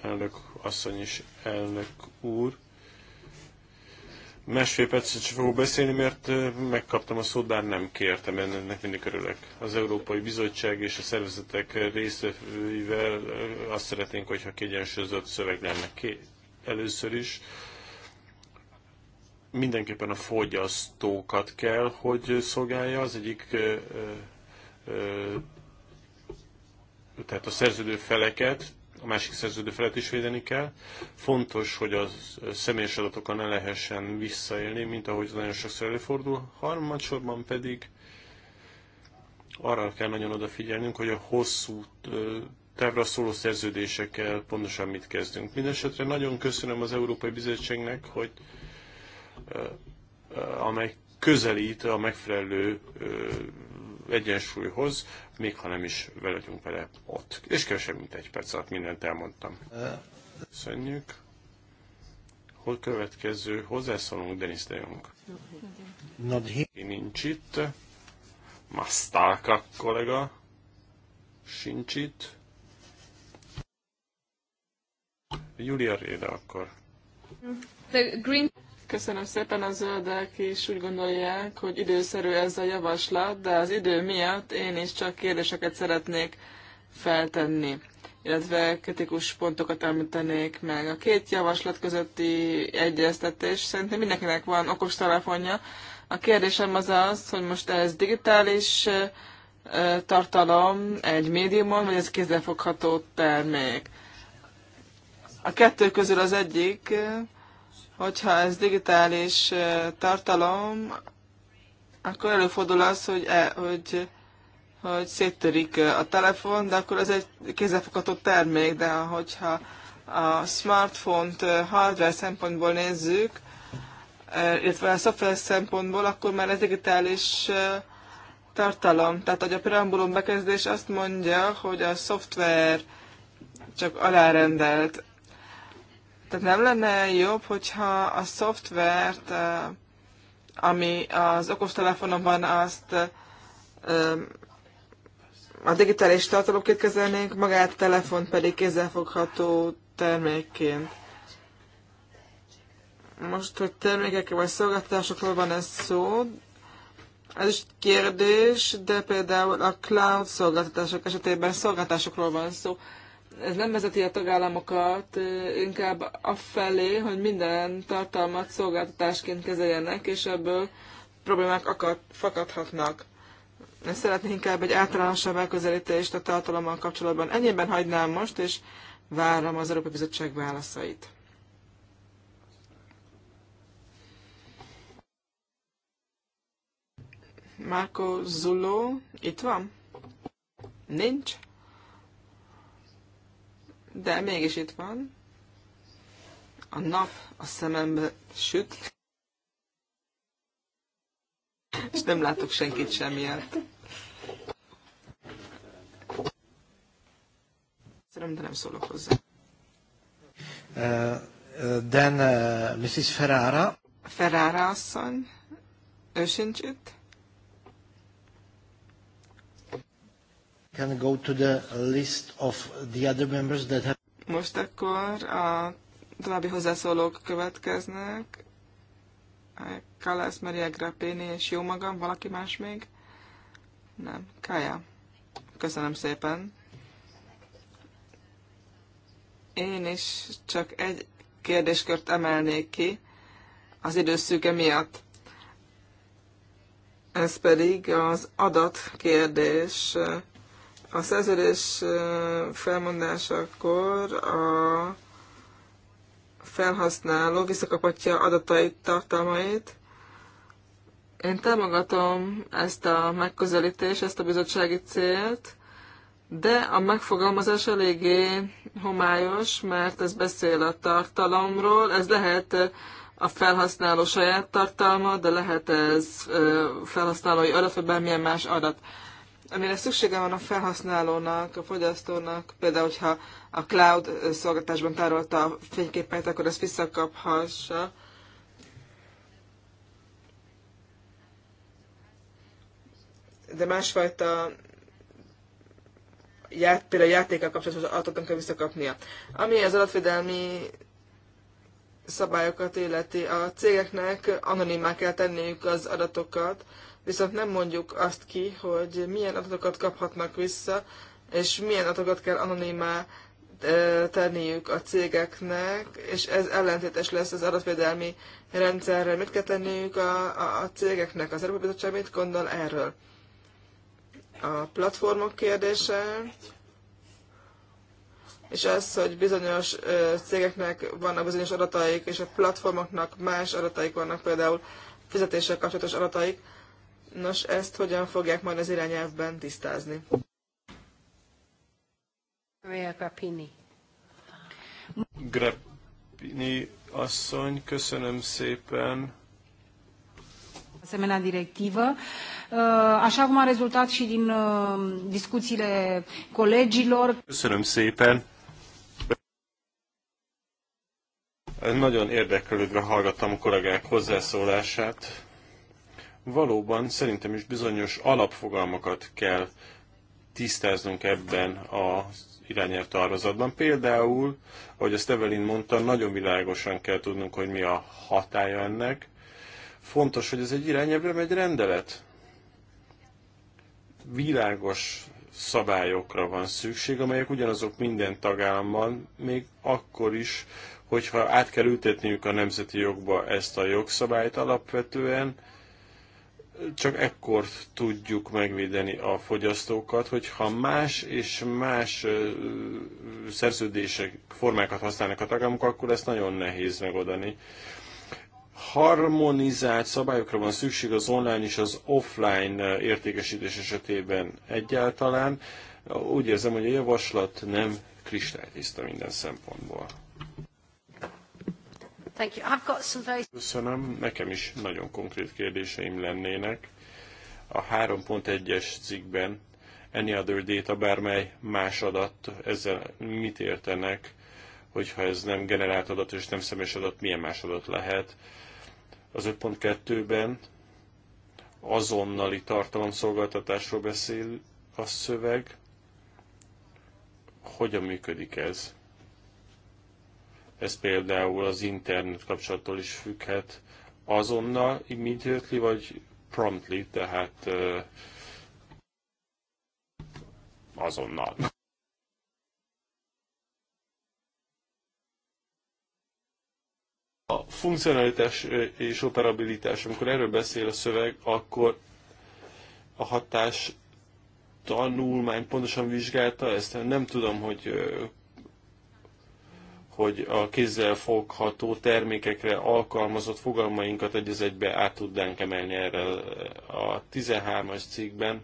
elnök asszony és elnök úr. Másfél percet sem fogok beszélni, mert megkaptam a szót, bár nem kértem, ennek mindig örülök. Az Európai Bizottság és a szervezetek részvevőivel azt szeretnénk, hogyha kiegyensúlyozott szöveg lenne ki. Először is mindenképpen a fogyasztókat kell, hogy szolgálja. Az egyik tehát a szerződő feleket, a másik szerződő felett is védeni kell. Fontos, hogy a személyes adatokkal ne lehessen visszaélni, mint ahogy nagyon sokszor előfordul. Harmadsorban pedig arra kell nagyon odafigyelnünk, hogy a hosszú távra szóló szerződésekkel pontosan mit kezdünk. Mindenesetre nagyon köszönöm az Európai Bizottságnak, hogy amely közelít a megfelelő egyensúlyhoz, még ha nem is velünk vele ott. És kevesebb, mint egy perc alatt mindent elmondtam. Köszönjük. Hol következő hozzászólunk Denis de Jong? Nincs itt. Masztálka kollega sincs itt. Julia Réda akkor. The green... Köszönöm szépen, a zöldek is úgy gondolják, hogy időszerű ez a javaslat, de az idő miatt én is csak kérdéseket szeretnék feltenni, illetve kritikus pontokat említenék meg. A két javaslat közötti egyeztetés szerintem mindenkinek van okostelefonja. A kérdésem az az, hogy most ez digitális tartalom egy médiumon, vagy ez kézzelfogható termék. A kettő közül az egyik hogyha ez digitális tartalom, akkor előfordul az, hogy, e, hogy, hogy széttörik a telefon, de akkor ez egy kézzelfogható termék, de hogyha a smartphone-t hardware szempontból nézzük, illetve a software szempontból, akkor már ez digitális tartalom. Tehát, hogy a preambulum bekezdés azt mondja, hogy a szoftver csak alárendelt tehát nem lenne jobb, hogyha a szoftvert, ami az okostelefonomban azt a digitális tartalomként kezelnénk, magát a telefon pedig kézzelfogható termékként. Most, hogy termékek vagy szolgáltatásokról van ez szó, ez is kérdés, de például a cloud szolgáltatások esetében szolgáltatásokról van szó ez nem vezeti a tagállamokat inkább afelé, hogy minden tartalmat szolgáltatásként kezeljenek, és ebből problémák akad, fakadhatnak. Szeretnék inkább egy általánosabb elközelítést a tartalommal kapcsolatban. Ennyiben hagynám most, és várom az Európai Bizottság válaszait. Márko Zullo itt van? Nincs? de mégis itt van. A nap a szemembe süt, és nem látok senkit semmiatt. Szerintem nem szólok hozzá. uh, uh then uh, Mrs. Ferrara. Ferrara asszony, ő sincs itt. can go to the list of the other members that have... Most akkor a további hozzászólók következnek. Kalász, Maria Grappini és jó magam, valaki más még? Nem, Kaja. Köszönöm szépen. Én is csak egy kérdéskört emelnék ki az időszűke miatt. Ez pedig az adatkérdés. kérdés a szerződés felmondásakor a felhasználó visszakaphatja adatait, tartalmait. Én támogatom ezt a megközelítést, ezt a bizottsági célt, de a megfogalmazás eléggé homályos, mert ez beszél a tartalomról. Ez lehet a felhasználó saját tartalma, de lehet ez felhasználói adat, vagy bármilyen más adat amire szüksége van a felhasználónak, a fogyasztónak, például, hogyha a cloud szolgáltásban tárolta a fényképet, akkor ezt visszakaphassa. De másfajta ját, például játékkal kapcsolatos adatokat kell visszakapnia. Ami az adatvédelmi szabályokat illeti, a cégeknek anonimá kell tenniük az adatokat, viszont nem mondjuk azt ki, hogy milyen adatokat kaphatnak vissza, és milyen adatokat kell anonimá tenniük a cégeknek, és ez ellentétes lesz az adatvédelmi rendszerre. Mit kell tenniük a, a, a cégeknek? Az Európai Bizottság mit gondol erről? A platformok kérdése, és az, hogy bizonyos cégeknek vannak bizonyos adataik, és a platformoknak más adataik vannak, például fizetéssel kapcsolatos adataik, Nos, ezt hogyan fogják majd az irányelvben tisztázni? Grapini. asszony, köszönöm szépen. asemenea directivă. Uh, așa cum a rezultat și din uh, discuțiile colegilor. Köszönöm szépen. Nagyon érdeklődve hallgattam a kollégák hozzászólását valóban szerintem is bizonyos alapfogalmakat kell tisztáznunk ebben az irányelv tarvazatban. Például, ahogy a Evelyn mondta, nagyon világosan kell tudnunk, hogy mi a hatája ennek. Fontos, hogy ez egy irányelvre egy rendelet. Világos szabályokra van szükség, amelyek ugyanazok minden tagállamban, még akkor is, hogyha át kell ültetniük a nemzeti jogba ezt a jogszabályt alapvetően, csak ekkor tudjuk megvédeni a fogyasztókat, hogyha más és más szerződések, formákat használnak a tagállamok, akkor ezt nagyon nehéz megoldani. Harmonizált szabályokra van szükség az online és az offline értékesítés esetében egyáltalán. Úgy érzem, hogy a javaslat nem kristálytiszta minden szempontból. Thank you. I've got some very... Köszönöm. Nekem is nagyon konkrét kérdéseim lennének. A 3.1-es cikkben any other data, bármely más adat, ezzel mit értenek, hogyha ez nem generált adat és nem személyes adat, milyen más adat lehet. Az 5.2-ben azonnali tartalomszolgáltatásról beszél a szöveg. Hogyan működik ez? Ez például az internet kapcsolattól is függhet. Azonnal, immediately vagy promptly, tehát azonnal. A funkcionalitás és operabilitás, amikor erről beszél a szöveg, akkor a hatás tanulmány pontosan vizsgálta ezt, nem tudom, hogy hogy a kézzel fogható termékekre alkalmazott fogalmainkat egy az egybe át tudnánk emelni erre. A 13-as cikkben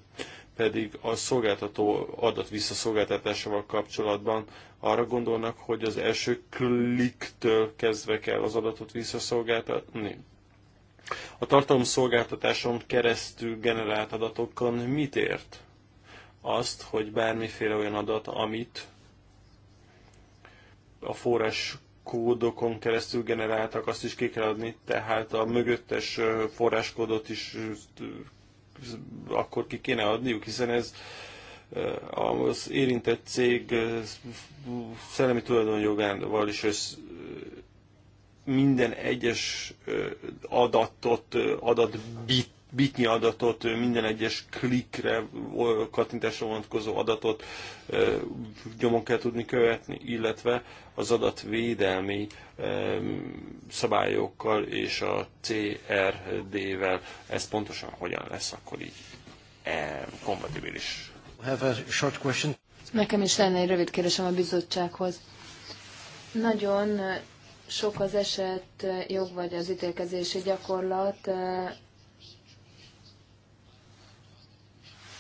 pedig a szolgáltató adat visszaszolgáltatásával kapcsolatban arra gondolnak, hogy az első kliktől kezdve kell az adatot visszaszolgáltatni. A tartalomszolgáltatáson keresztül generált adatokon mit ért? Azt, hogy bármiféle olyan adat, amit a forrás kódokon keresztül generáltak, azt is ki kell adni, tehát a mögöttes forráskódot is akkor ki kéne adniuk, hiszen ez az érintett cég szellemi tulajdonjogával is össz, minden egyes adatot, adatbit bitnyi adatot, minden egyes klikre, kattintásra vonatkozó adatot nyomon kell tudni követni, illetve az adatvédelmi szabályokkal és a CRD-vel. Ez pontosan hogyan lesz akkor így e, kompatibilis? Have a short question. Nekem is lenne egy rövid kérdésem a bizottsághoz. Nagyon sok az eset jog vagy az ítélkezési gyakorlat,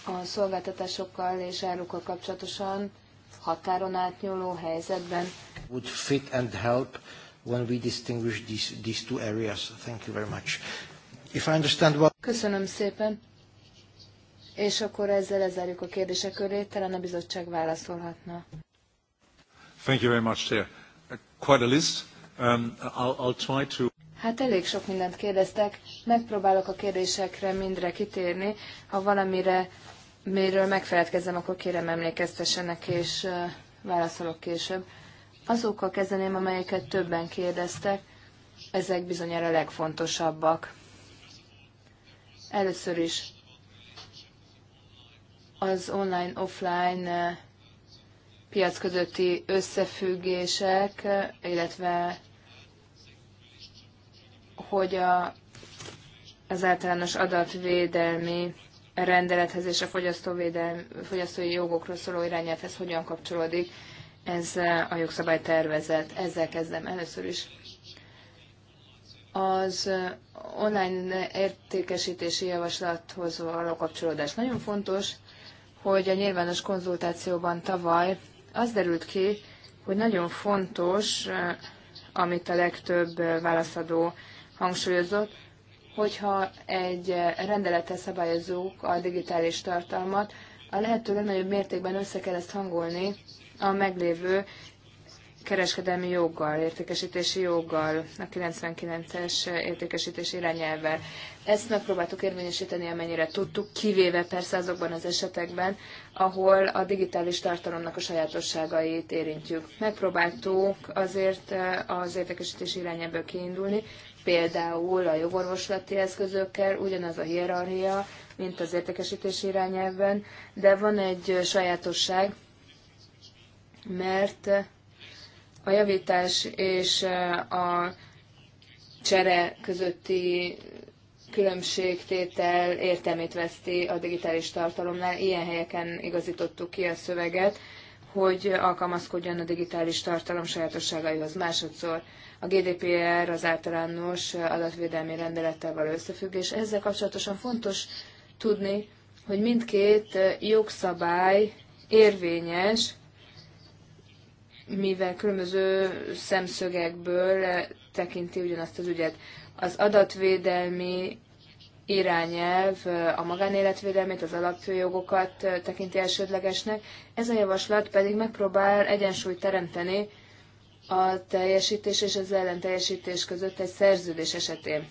a szolgáltatásokkal és árukkal kapcsolatosan határon átnyúló helyzetben. Would fit and help when we distinguish these, these two areas. Thank you very much. If I understand what... Köszönöm szépen. És akkor ezzel lezárjuk a kérdések körét, talán a bizottság válaszolhatna. Thank you very much, Chair. Uh, quite a list. Um, I'll, I'll try to... Hát elég sok mindent kérdeztek, megpróbálok a kérdésekre mindre kitérni, ha valamire miről megfeledkezzem, akkor kérem emlékeztessenek, és válaszolok később. Azokkal kezdeném, amelyeket többen kérdeztek, ezek bizonyára legfontosabbak. Először is az online-offline piac közötti összefüggések, illetve hogy a, az általános adatvédelmi rendelethez és a fogyasztói jogokról szóló irányelvhez hogyan kapcsolódik ez a jogszabálytervezet. Ezzel kezdem először is. Az online értékesítési javaslathoz való kapcsolódás nagyon fontos, hogy a nyilvános konzultációban tavaly az derült ki, hogy nagyon fontos, amit a legtöbb válaszadó hangsúlyozott, hogyha egy rendelettel szabályozók a digitális tartalmat, a lehető legnagyobb mértékben össze kell ezt hangolni a meglévő kereskedelmi joggal, értékesítési joggal, a 99-es értékesítési irányelvvel. Ezt megpróbáltuk érvényesíteni, amennyire tudtuk, kivéve persze azokban az esetekben, ahol a digitális tartalomnak a sajátosságait érintjük. Megpróbáltuk azért az értékesítési irányelvből kiindulni, például a jogorvoslati eszközökkel, ugyanaz a hierarchia, mint az értékesítés irányelvben, de van egy sajátosság, mert a javítás és eh, a csere közötti különbségtétel értelmét veszti a digitális tartalomnál. Ilyen helyeken igazítottuk ki a szöveget, hogy alkalmazkodjon a digitális tartalom sajátosságaihoz. Másodszor a GDPR az általános adatvédelmi rendelettel való összefüggés. Ezzel kapcsolatosan fontos tudni, hogy mindkét jogszabály érvényes, mivel különböző szemszögekből tekinti ugyanazt az ügyet. Az adatvédelmi irányelv a magánéletvédelmét, az alapjogokat tekinti elsődlegesnek, ez a javaslat pedig megpróbál egyensúlyt teremteni a teljesítés és az ellenteljesítés között egy szerződés esetén.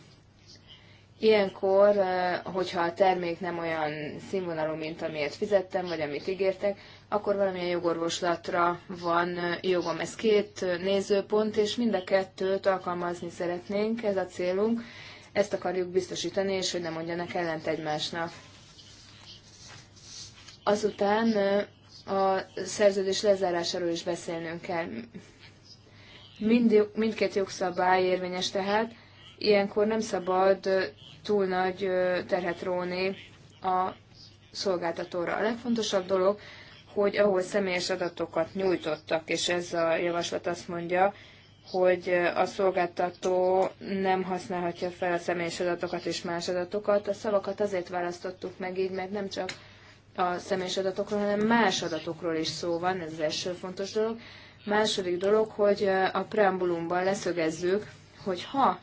Ilyenkor, eh, hogyha a termék nem olyan színvonalú, mint amiért fizettem, vagy amit ígértek, akkor valamilyen jogorvoslatra van eh, jogom. Ez két eh, nézőpont, és mind a kettőt alkalmazni szeretnénk, ez a célunk. Ezt akarjuk biztosítani, és hogy nem mondjanak ellent egymásnak. Azután a szerződés lezárásáról is beszélnünk kell. Mind, mindkét jogszabály érvényes tehát, ilyenkor nem szabad túl nagy terhet róni a szolgáltatóra. A legfontosabb dolog, hogy ahol személyes adatokat nyújtottak, és ez a javaslat azt mondja, hogy a szolgáltató nem használhatja fel a személyes adatokat és más adatokat. A szavakat azért választottuk meg így, mert nem csak a személyes adatokról, hanem más adatokról is szó van, ez az első fontos dolog. Második dolog, hogy a preambulumban leszögezzük, hogy ha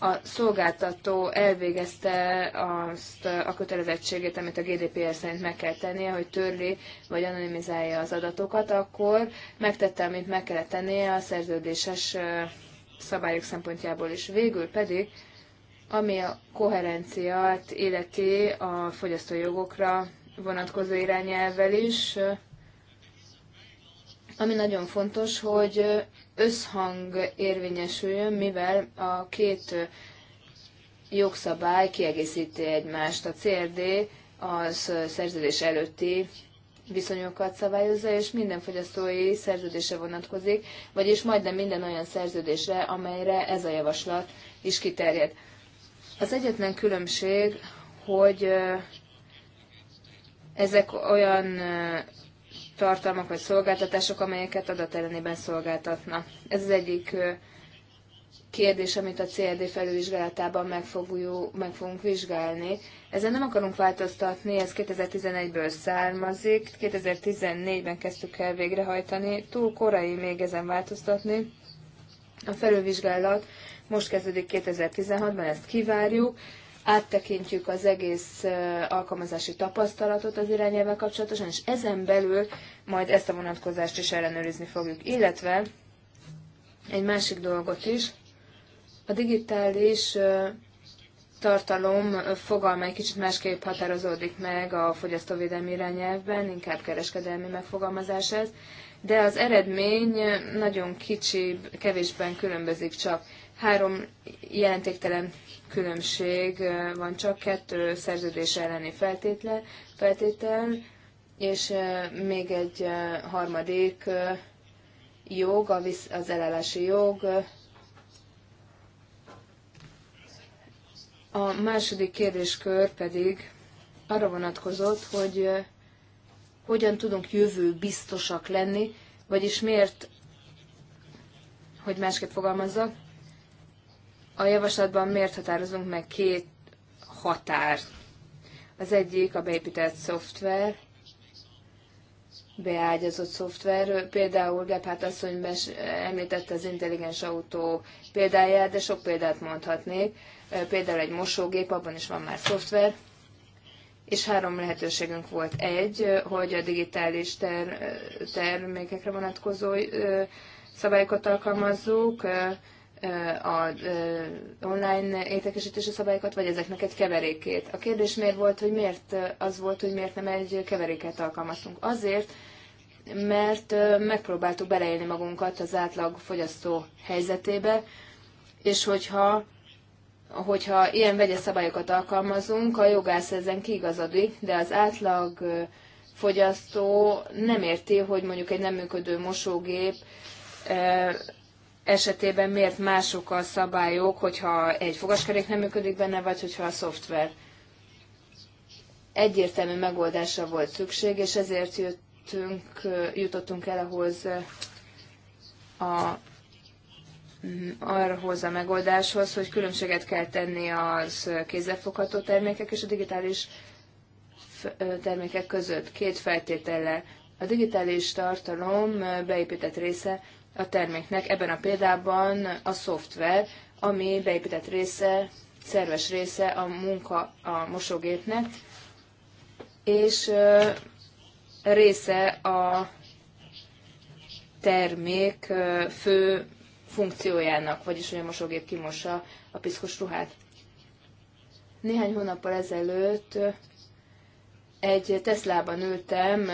a szolgáltató elvégezte azt a kötelezettségét, amit a GDPR szerint meg kell tennie, hogy törli vagy anonimizálja az adatokat, akkor megtette, amit meg kellett tennie a szerződéses szabályok szempontjából is. Végül pedig, ami a koherenciát illeti a fogyasztójogokra vonatkozó irányelvvel is, ami nagyon fontos, hogy összhang érvényesüljön, mivel a két jogszabály kiegészíti egymást. A CRD az szerződés előtti viszonyokat szabályozza, és minden fogyasztói szerződése vonatkozik, vagyis majdnem minden olyan szerződésre, amelyre ez a javaslat is kiterjed. Az egyetlen különbség, hogy ezek olyan tartalmak vagy szolgáltatások, amelyeket adat ellenében szolgáltatna. Ez az egyik kérdés, amit a CLD felülvizsgálatában meg, fogjuk, meg fogunk vizsgálni. Ezen nem akarunk változtatni, ez 2011-ből származik, 2014-ben kezdtük el végrehajtani, túl korai még ezen változtatni. A felülvizsgálat most kezdődik 2016-ban, ezt kivárjuk, áttekintjük az egész alkalmazási tapasztalatot az irányelvvel kapcsolatosan, és ezen belül majd ezt a vonatkozást is ellenőrizni fogjuk. Illetve egy másik dolgot is, a digitális tartalom fogalma egy kicsit másképp határozódik meg a fogyasztóvédelmi irányelvben, inkább kereskedelmi megfogalmazás ez, de az eredmény nagyon kicsi, kevésben különbözik csak. Három jelentéktelen különbség van csak, kettő szerződés elleni feltétlen, feltétel, és még egy harmadik jog, az elállási jog. A második kérdéskör pedig arra vonatkozott, hogy hogyan tudunk jövő biztosak lenni, vagyis miért, hogy másképp fogalmazzak, a javaslatban miért határozunk meg két határt. Az egyik a beépített szoftver, beágyazott szoftver. Például Gephardt asszony említette az intelligens autó példáját, de sok példát mondhatnék. Például egy mosógép, abban is van már szoftver. És három lehetőségünk volt. Egy, hogy a digitális ter- termékekre vonatkozó szabályokat alkalmazzuk, a online értékesítési szabályokat, vagy ezeknek egy keverékét. A kérdés miért volt, hogy miért az volt, hogy miért nem egy keveréket alkalmaztunk. Azért, mert megpróbáltuk beleélni magunkat az átlag fogyasztó helyzetébe, és hogyha, hogyha ilyen vegyes szabályokat alkalmazunk, a jogász ezen kiigazodik, de az átlag fogyasztó nem érti, hogy mondjuk egy nem működő mosógép esetében miért mások a szabályok, hogyha egy fogaskerék nem működik benne, vagy hogyha a szoftver. Egyértelmű megoldásra volt szükség, és ezért jöttünk, jutottunk el ahhoz a arhoz a megoldáshoz, hogy különbséget kell tenni az kézzelfogható termékek és a digitális termékek között két feltétele a digitális tartalom beépített része a terméknek, ebben a példában a szoftver, ami beépített része, szerves része a munka a mosógépnek, és része a termék fő funkciójának, vagyis hogy a mosógép kimossa a piszkos ruhát. Néhány hónappal ezelőtt egy Teslában ültem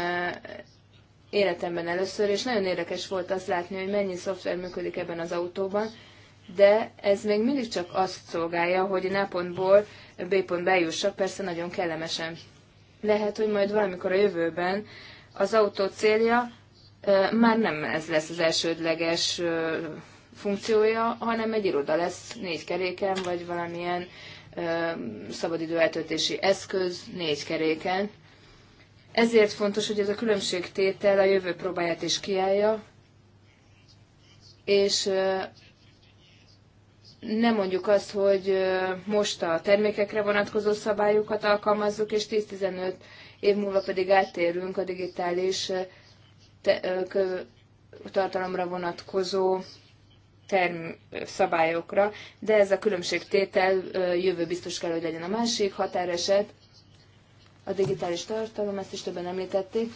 életemben először, és nagyon érdekes volt azt látni, hogy mennyi szoftver működik ebben az autóban, de ez még mindig csak azt szolgálja, hogy én A pontból B pont bejussak, persze nagyon kellemesen. Lehet, hogy majd valamikor a jövőben az autó célja már nem ez lesz az elsődleges funkciója, hanem egy iroda lesz négy keréken, vagy valamilyen szabadidő eltöltési eszköz négy keréken. Ezért fontos, hogy ez a különbségtétel a jövő próbáját is kiállja, és nem mondjuk azt, hogy most a termékekre vonatkozó szabályokat alkalmazzuk, és 10-15 év múlva pedig áttérünk a digitális tartalomra vonatkozó term szabályokra, de ez a különbségtétel jövő biztos kell, hogy legyen a másik határeset, a digitális tartalom, ezt is többen említették,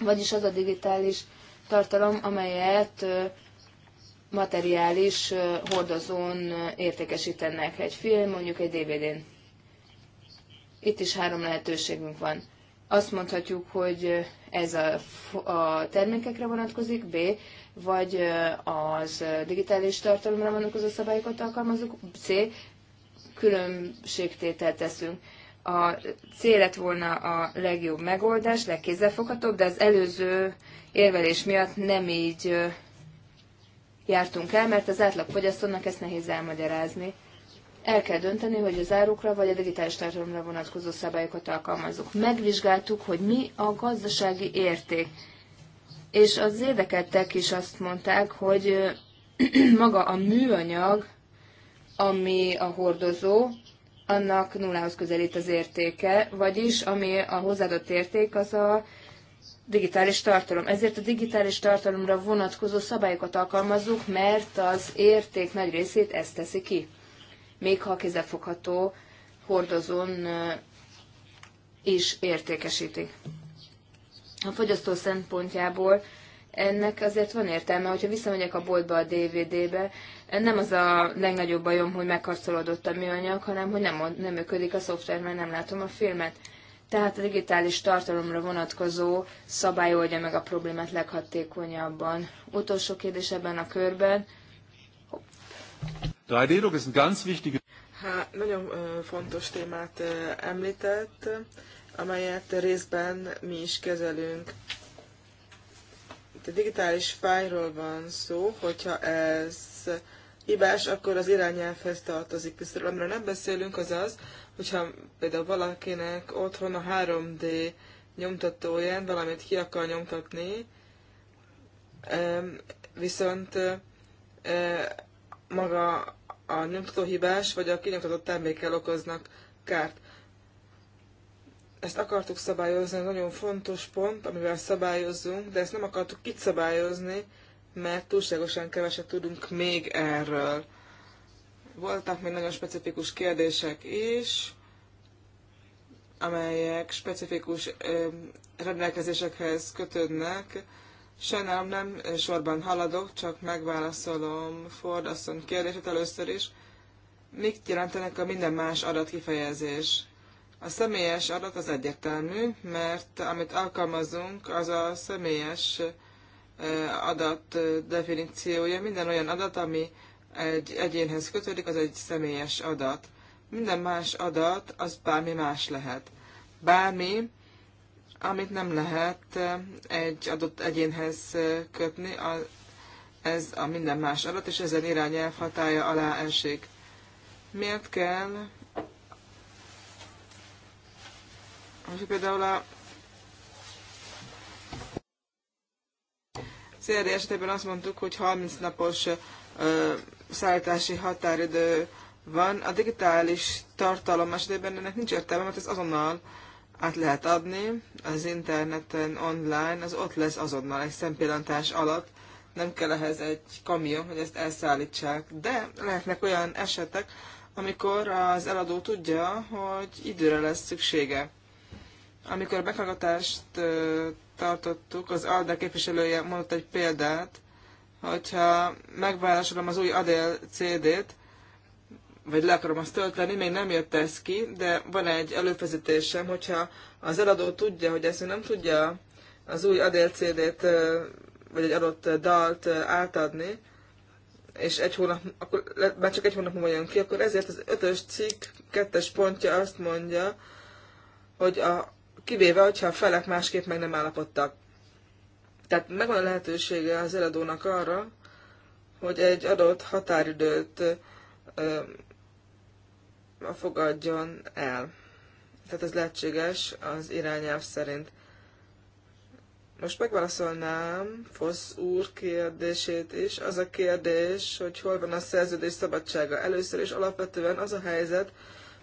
vagyis az a digitális tartalom, amelyet materiális hordozón értékesítenek egy film, mondjuk egy DVD-n. Itt is három lehetőségünk van. Azt mondhatjuk, hogy ez a, a termékekre vonatkozik, B, vagy az digitális tartalomra vonatkozó szabályokat alkalmazunk, C, különbségtételt teszünk a cél lett volna a legjobb megoldás, legkézzelfoghatóbb, de az előző érvelés miatt nem így jártunk el, mert az fogyasztónak ezt nehéz elmagyarázni. El kell dönteni, hogy az árukra vagy a digitális tartalomra vonatkozó szabályokat alkalmazzuk. Megvizsgáltuk, hogy mi a gazdasági érték. És az érdekeltek is azt mondták, hogy maga a műanyag, ami a hordozó, annak nullához közelít az értéke, vagyis ami a hozzáadott érték, az a digitális tartalom. Ezért a digitális tartalomra vonatkozó szabályokat alkalmazzuk, mert az érték nagy részét ezt teszi ki. Még ha kézzelfogható hordozón is értékesítik. A fogyasztó szempontjából ennek azért van értelme, hogyha visszamegyek a boltba a DVD-be, nem az a legnagyobb bajom, hogy megkarcolódott a műanyag, hanem hogy nem, nem működik a szoftver, mert nem látom a filmet. Tehát a digitális tartalomra vonatkozó szabály oldja meg a problémát leghatékonyabban. Utolsó kérdés ebben a körben. 3 d nagyon fontos témát említett, amelyet részben mi is kezelünk. Itt a digitális fájról van szó, hogyha ez hibás, akkor az irányelvhez tartozik. Viszont amiről nem beszélünk, az az, hogyha például valakinek otthon a 3D nyomtatóján valamit ki akar nyomtatni, viszont maga a nyomtató hibás, vagy a kinyomtatott termékkel okoznak kárt. Ezt akartuk szabályozni, nagyon fontos pont, amivel szabályozzunk, de ezt nem akartuk kitszabályozni, szabályozni, mert túlságosan keveset tudunk még erről. Voltak még nagyon specifikus kérdések is, amelyek specifikus rendelkezésekhez kötődnek. Sajnálom nem sorban haladok, csak megválaszolom Ford asszony kérdését először is. Mik jelentenek a minden más adat kifejezés? A személyes adat az egyértelmű, mert amit alkalmazunk, az a személyes ö, adat definíciója. Minden olyan adat, ami egy egyénhez kötődik, az egy személyes adat. Minden más adat, az bármi más lehet. Bármi, amit nem lehet egy adott egyénhez kötni, ez a minden más adat, és ezen irányelv hatája alá esik. Miért kell, Most például a CRD esetében azt mondtuk, hogy 30 napos uh, szállítási határidő van. A digitális tartalom esetében ennek nincs értelme, mert ez azonnal át lehet adni az interneten, online, az ott lesz azonnal egy szempillantás alatt. Nem kell ehhez egy kamion, hogy ezt elszállítsák. De lehetnek olyan esetek, amikor az eladó tudja, hogy időre lesz szüksége. Amikor a meghallgatást tartottuk, az ALDE képviselője mondott egy példát, hogyha megválaszolom az új Adél CD-t, vagy le akarom azt tölteni, még nem jött ez ki, de van egy előfezítésem, hogyha az eladó tudja, hogy ezt nem tudja az új Adél CD-t, vagy egy adott dalt átadni, és egy hónap, akkor már csak egy hónap múlva jön ki, akkor ezért az ötös cikk kettes pontja azt mondja, hogy a kivéve, hogyha a felek másképp meg nem állapodtak. Tehát megvan a lehetősége az eladónak arra, hogy egy adott határidőt ö, fogadjon el. Tehát ez lehetséges az irányelv szerint. Most megválaszolnám Fosz úr kérdését is. Az a kérdés, hogy hol van a szerződés szabadsága. Először is alapvetően az a helyzet,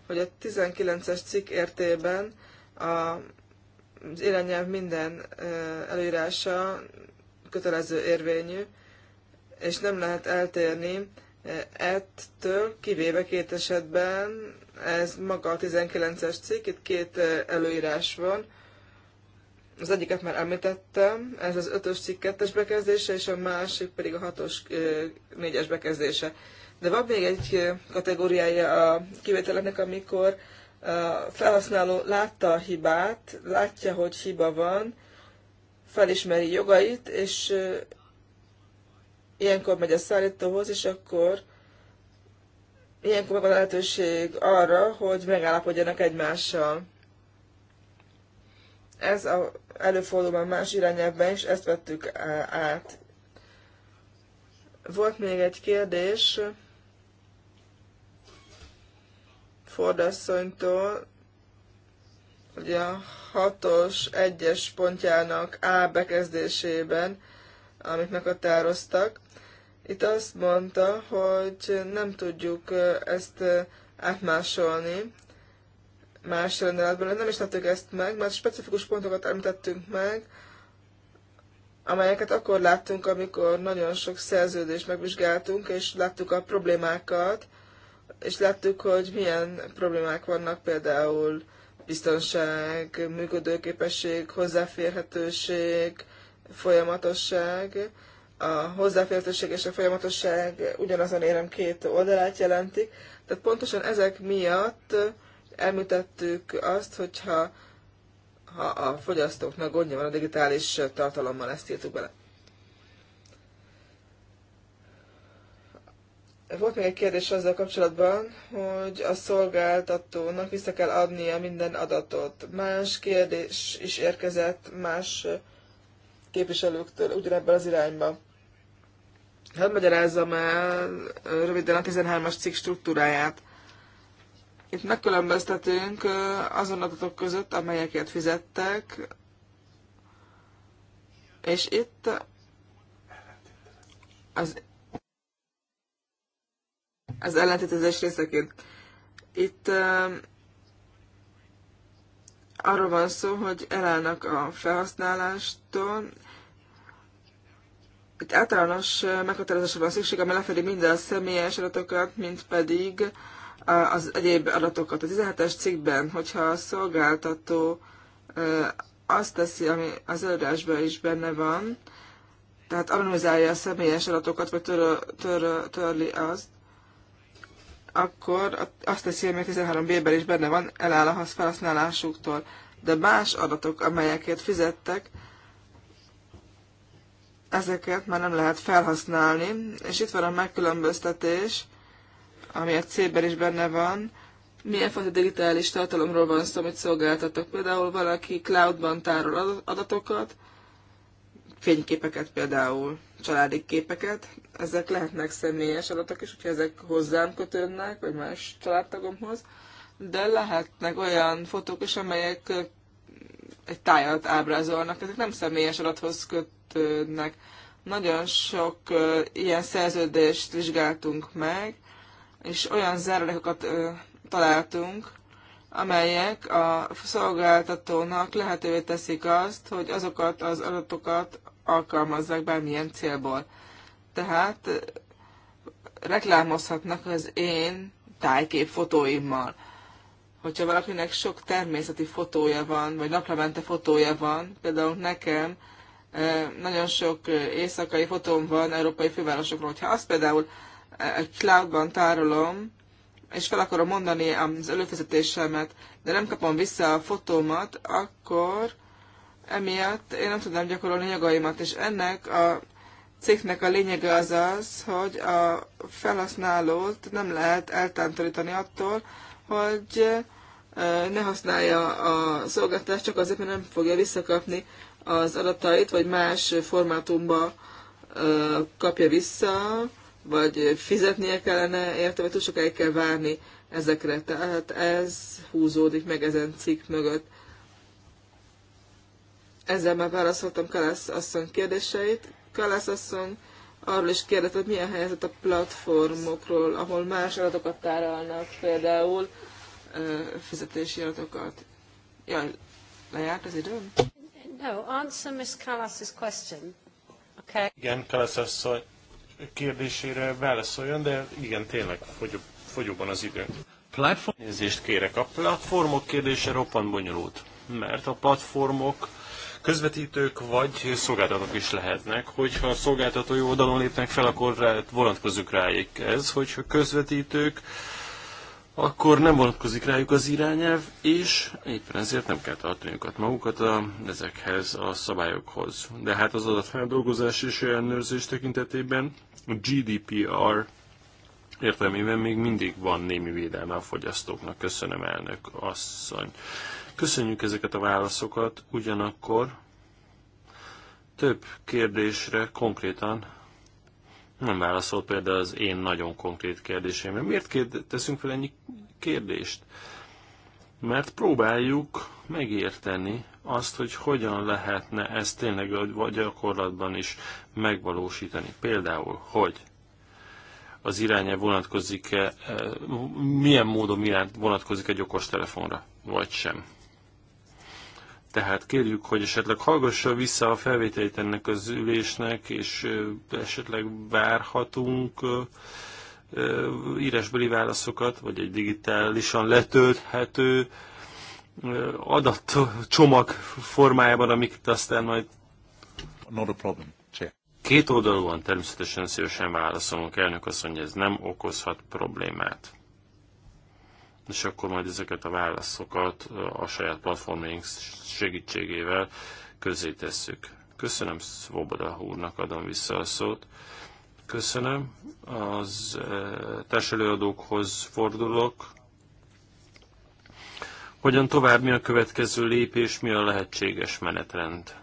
hogy a 19-es cikk értében az irányelv minden előírása kötelező érvényű, és nem lehet eltérni ettől, kivéve két esetben, ez maga a 19-es cikk, itt két előírás van, az egyiket már említettem, ez az ötös cikk kettes bekezdése, és a másik pedig a hatos négyes bekezdése. De van még egy kategóriája a kivételeknek, amikor felhasználó látta a hibát, látja, hogy hiba van, felismeri jogait, és ilyenkor megy a szállítóhoz, és akkor ilyenkor van a lehetőség arra, hogy megállapodjanak egymással. Ez a, előfordulóban más irányában is, ezt vettük át. Volt még egy kérdés. Fordasszonytól, hogy a hatos egyes pontjának A bekezdésében, amit meghatároztak, itt azt mondta, hogy nem tudjuk ezt átmásolni más rendeletben. Nem is tettük ezt meg, mert specifikus pontokat említettünk meg, amelyeket akkor láttunk, amikor nagyon sok szerződést megvizsgáltunk, és láttuk a problémákat, és láttuk, hogy milyen problémák vannak, például biztonság, működőképesség, hozzáférhetőség, folyamatosság. A hozzáférhetőség és a folyamatosság ugyanazon érem két oldalát jelentik, tehát pontosan ezek miatt elmutattuk azt, hogyha ha a fogyasztóknak gondja van a digitális tartalommal, ezt írtuk bele. Volt még egy kérdés azzal kapcsolatban, hogy a szolgáltatónak vissza kell adnia minden adatot. Más kérdés is érkezett más képviselőktől ugyanebben az irányba. Hát magyarázzam el röviden a 13-as cikk struktúráját. Itt megkülönböztetünk azon adatok között, amelyeket fizettek, és itt az az ellentétezés részeként. Itt um, arról van szó, hogy elállnak a felhasználástól. Itt általános uh, meghatározásra van szükség, ami lefedi minden a személyes adatokat, mint pedig uh, az egyéb adatokat. A 17-es cikkben, hogyha a szolgáltató uh, azt teszi, ami az előadásban is benne van, tehát anonimizálja a személyes adatokat, vagy tör, tör, törli azt, akkor azt teszi, ami 13B-ben is benne van, eláll a felhasználásuktól. De más adatok, amelyeket fizettek, ezeket már nem lehet felhasználni, és itt van a megkülönböztetés, ami a C-ben is benne van, milyen fajta digitális tartalomról van szó, amit szolgáltatok. Például valaki cloudban tárol adatokat, fényképeket például, családi képeket, ezek lehetnek személyes adatok is, hogyha ezek hozzám kötődnek, vagy más családtagomhoz, de lehetnek olyan fotók is, amelyek egy tájat ábrázolnak, ezek nem személyes adathoz kötődnek. Nagyon sok ilyen szerződést vizsgáltunk meg, és olyan zárulékokat találtunk, amelyek a szolgáltatónak lehetővé teszik azt, hogy azokat az adatokat, alkalmazzák bármilyen célból. Tehát reklámozhatnak az én tájkép fotóimmal. Hogyha valakinek sok természeti fotója van, vagy naplemente fotója van, például nekem eh, nagyon sok eh, éjszakai fotóm van európai fővárosokról, hogyha azt például eh, egy cloudban tárolom, és fel akarom mondani az előfizetésemet, de nem kapom vissza a fotómat, akkor emiatt én nem tudnám gyakorolni jogaimat, és ennek a cikknek a lényege az az, hogy a felhasználót nem lehet eltántorítani attól, hogy ne használja a szolgáltást, csak azért, mert nem fogja visszakapni az adatait, vagy más formátumba kapja vissza, vagy fizetnie kellene érte, vagy túl sokáig kell várni ezekre. Tehát ez húzódik meg ezen cikk mögött. Ezzel már válaszoltam Kalász asszony kérdéseit. Kalász asszony arról is kérdett, hogy milyen helyzet a platformokról, ahol más adatokat tárolnak, például fizetési adatokat. Jaj, lejárt az időm? No, answer Miss Kalász's question. Okay. Igen, Kalász asszony kérdésére válaszoljon, de igen, tényleg fogyó, fogyóban az idő. Platform... Nézést kérek, a platformok kérdése roppant bonyolult, mert a platformok közvetítők vagy szolgáltatók is lehetnek. Hogyha a szolgáltatói oldalon lépnek fel, akkor rá, vonatkozik rájuk ez, hogyha közvetítők, akkor nem vonatkozik rájuk az irányelv, és éppen ezért nem kell őket magukat a, ezekhez a szabályokhoz. De hát az adatfeldolgozás és ellenőrzés tekintetében a GDPR értelmében még mindig van némi védelme a fogyasztóknak. Köszönöm, elnök asszony. Köszönjük ezeket a válaszokat, ugyanakkor több kérdésre konkrétan nem válaszolt például az én nagyon konkrét kérdésemre. Miért kérd- teszünk fel ennyi kérdést? Mert próbáljuk megérteni azt, hogy hogyan lehetne ezt tényleg a gyakorlatban is megvalósítani. Például, hogy az irányelv vonatkozik-e, eh, milyen módon irány vonatkozik egy okostelefonra, vagy sem. Tehát kérjük, hogy esetleg hallgassa vissza a felvételét ennek az ülésnek, és esetleg várhatunk írásbeli válaszokat, vagy egy digitálisan letölthető adatcsomag formájában, amiket aztán majd... Not a problem. Két oldalúan természetesen szívesen válaszolunk, elnök azt mondja, ez nem okozhat problémát és akkor majd ezeket a válaszokat a saját platformjaink segítségével közé tesszük. Köszönöm Svoboda úrnak, adom vissza a szót. Köszönöm. Az társelőadókhoz fordulok. Hogyan tovább, mi a következő lépés, mi a lehetséges menetrend?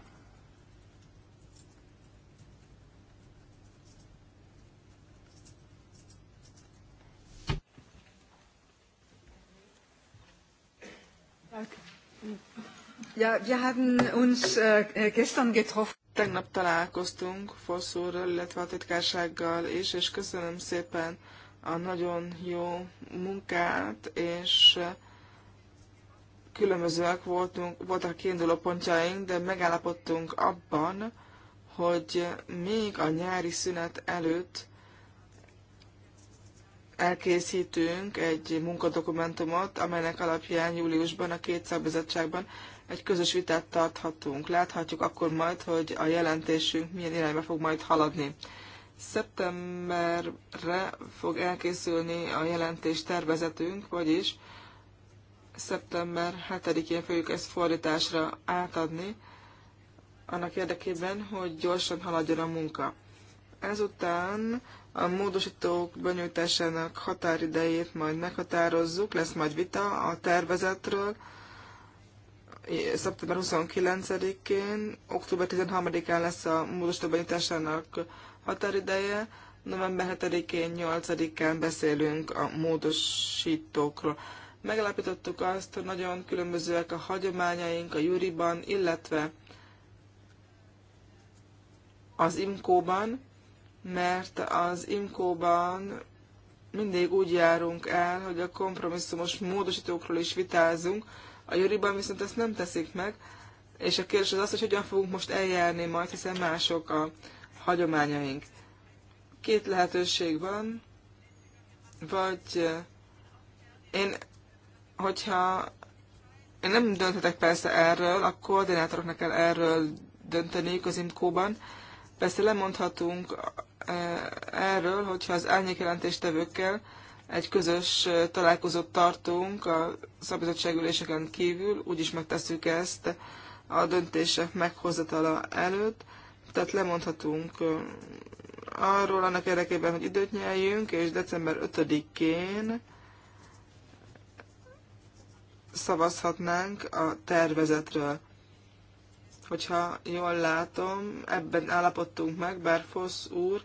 Ja, wir haben uns äh, gestern getroffen. Tegnap találkoztunk Fosszúrral, illetve a titkársággal is, és köszönöm szépen a nagyon jó munkát, és különbözőek voltunk, voltak kiinduló pontjaink, de megállapodtunk abban, hogy még a nyári szünet előtt elkészítünk egy munkadokumentumot, amelynek alapján júliusban a két szakbizottságban egy közös vitát tarthatunk. Láthatjuk akkor majd, hogy a jelentésünk milyen irányba fog majd haladni. Szeptemberre fog elkészülni a jelentés tervezetünk, vagyis szeptember 7-én fogjuk ezt fordításra átadni, annak érdekében, hogy gyorsan haladjon a munka. Ezután a módosítók benyújtásának határidejét majd meghatározzuk, lesz majd vita a tervezetről, szeptember 29-én, október 13-án lesz a módosító határideje, november 7-én, 8-án beszélünk a módosítókról. Megalapítottuk azt, hogy nagyon különbözőek a hagyományaink a júriban, illetve az imkóban, mert az imkóban mindig úgy járunk el, hogy a kompromisszumos módosítókról is vitázunk, a juriban viszont ezt nem teszik meg, és a kérdés az az, hogy hogyan fogunk most eljárni majd, hiszen mások a hagyományaink. Két lehetőség van, vagy eh, én, hogyha én nem dönthetek persze erről, a koordinátoroknak kell erről dönteniük az imkóban. Persze lemondhatunk eh, erről, hogyha az árnyékjelentéstevőkkel egy közös találkozót tartunk a szabadságüléseken kívül, úgyis megtesszük ezt a döntések meghozatala előtt, tehát lemondhatunk arról annak érdekében, hogy időt nyeljünk, és december 5-én szavazhatnánk a tervezetről. Hogyha jól látom, ebben állapodtunk meg, bár Fosz úr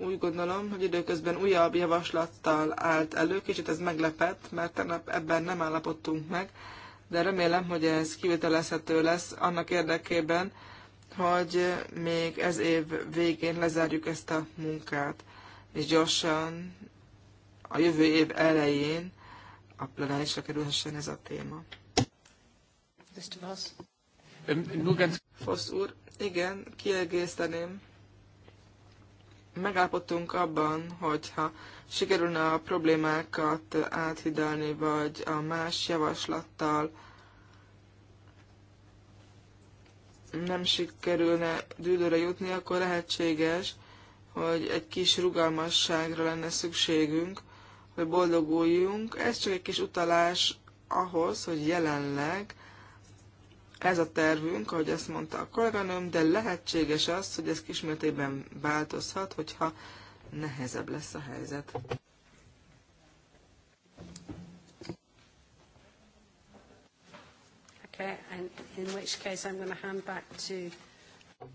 úgy gondolom, hogy időközben újabb javaslattal állt elő, kicsit ez meglepett, mert tegnap ebben nem állapodtunk meg, de remélem, hogy ez kivitelezhető lesz annak érdekében, hogy még ez év végén lezárjuk ezt a munkát, és gyorsan a jövő év elején a plenárisra kerülhessen ez a téma. Fosz úr, igen, kiegészteném megállapodtunk abban, hogyha sikerülne a problémákat áthidalni, vagy a más javaslattal nem sikerülne dűlőre jutni, akkor lehetséges, hogy egy kis rugalmasságra lenne szükségünk, hogy boldoguljunk. Ez csak egy kis utalás ahhoz, hogy jelenleg ez a tervünk, ahogy ezt mondta a kolléganőm, de lehetséges az, hogy ez kismértékben változhat, hogyha nehezebb lesz a helyzet.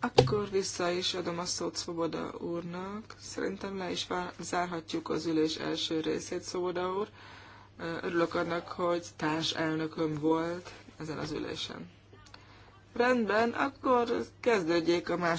Akkor vissza is adom a szót Szoboda úrnak. Szerintem le is zárhatjuk az ülés első részét, Szoboda úr. Örülök annak, hogy elnököm volt ezen az ülésen. Rendben, akkor kezdődjék a második.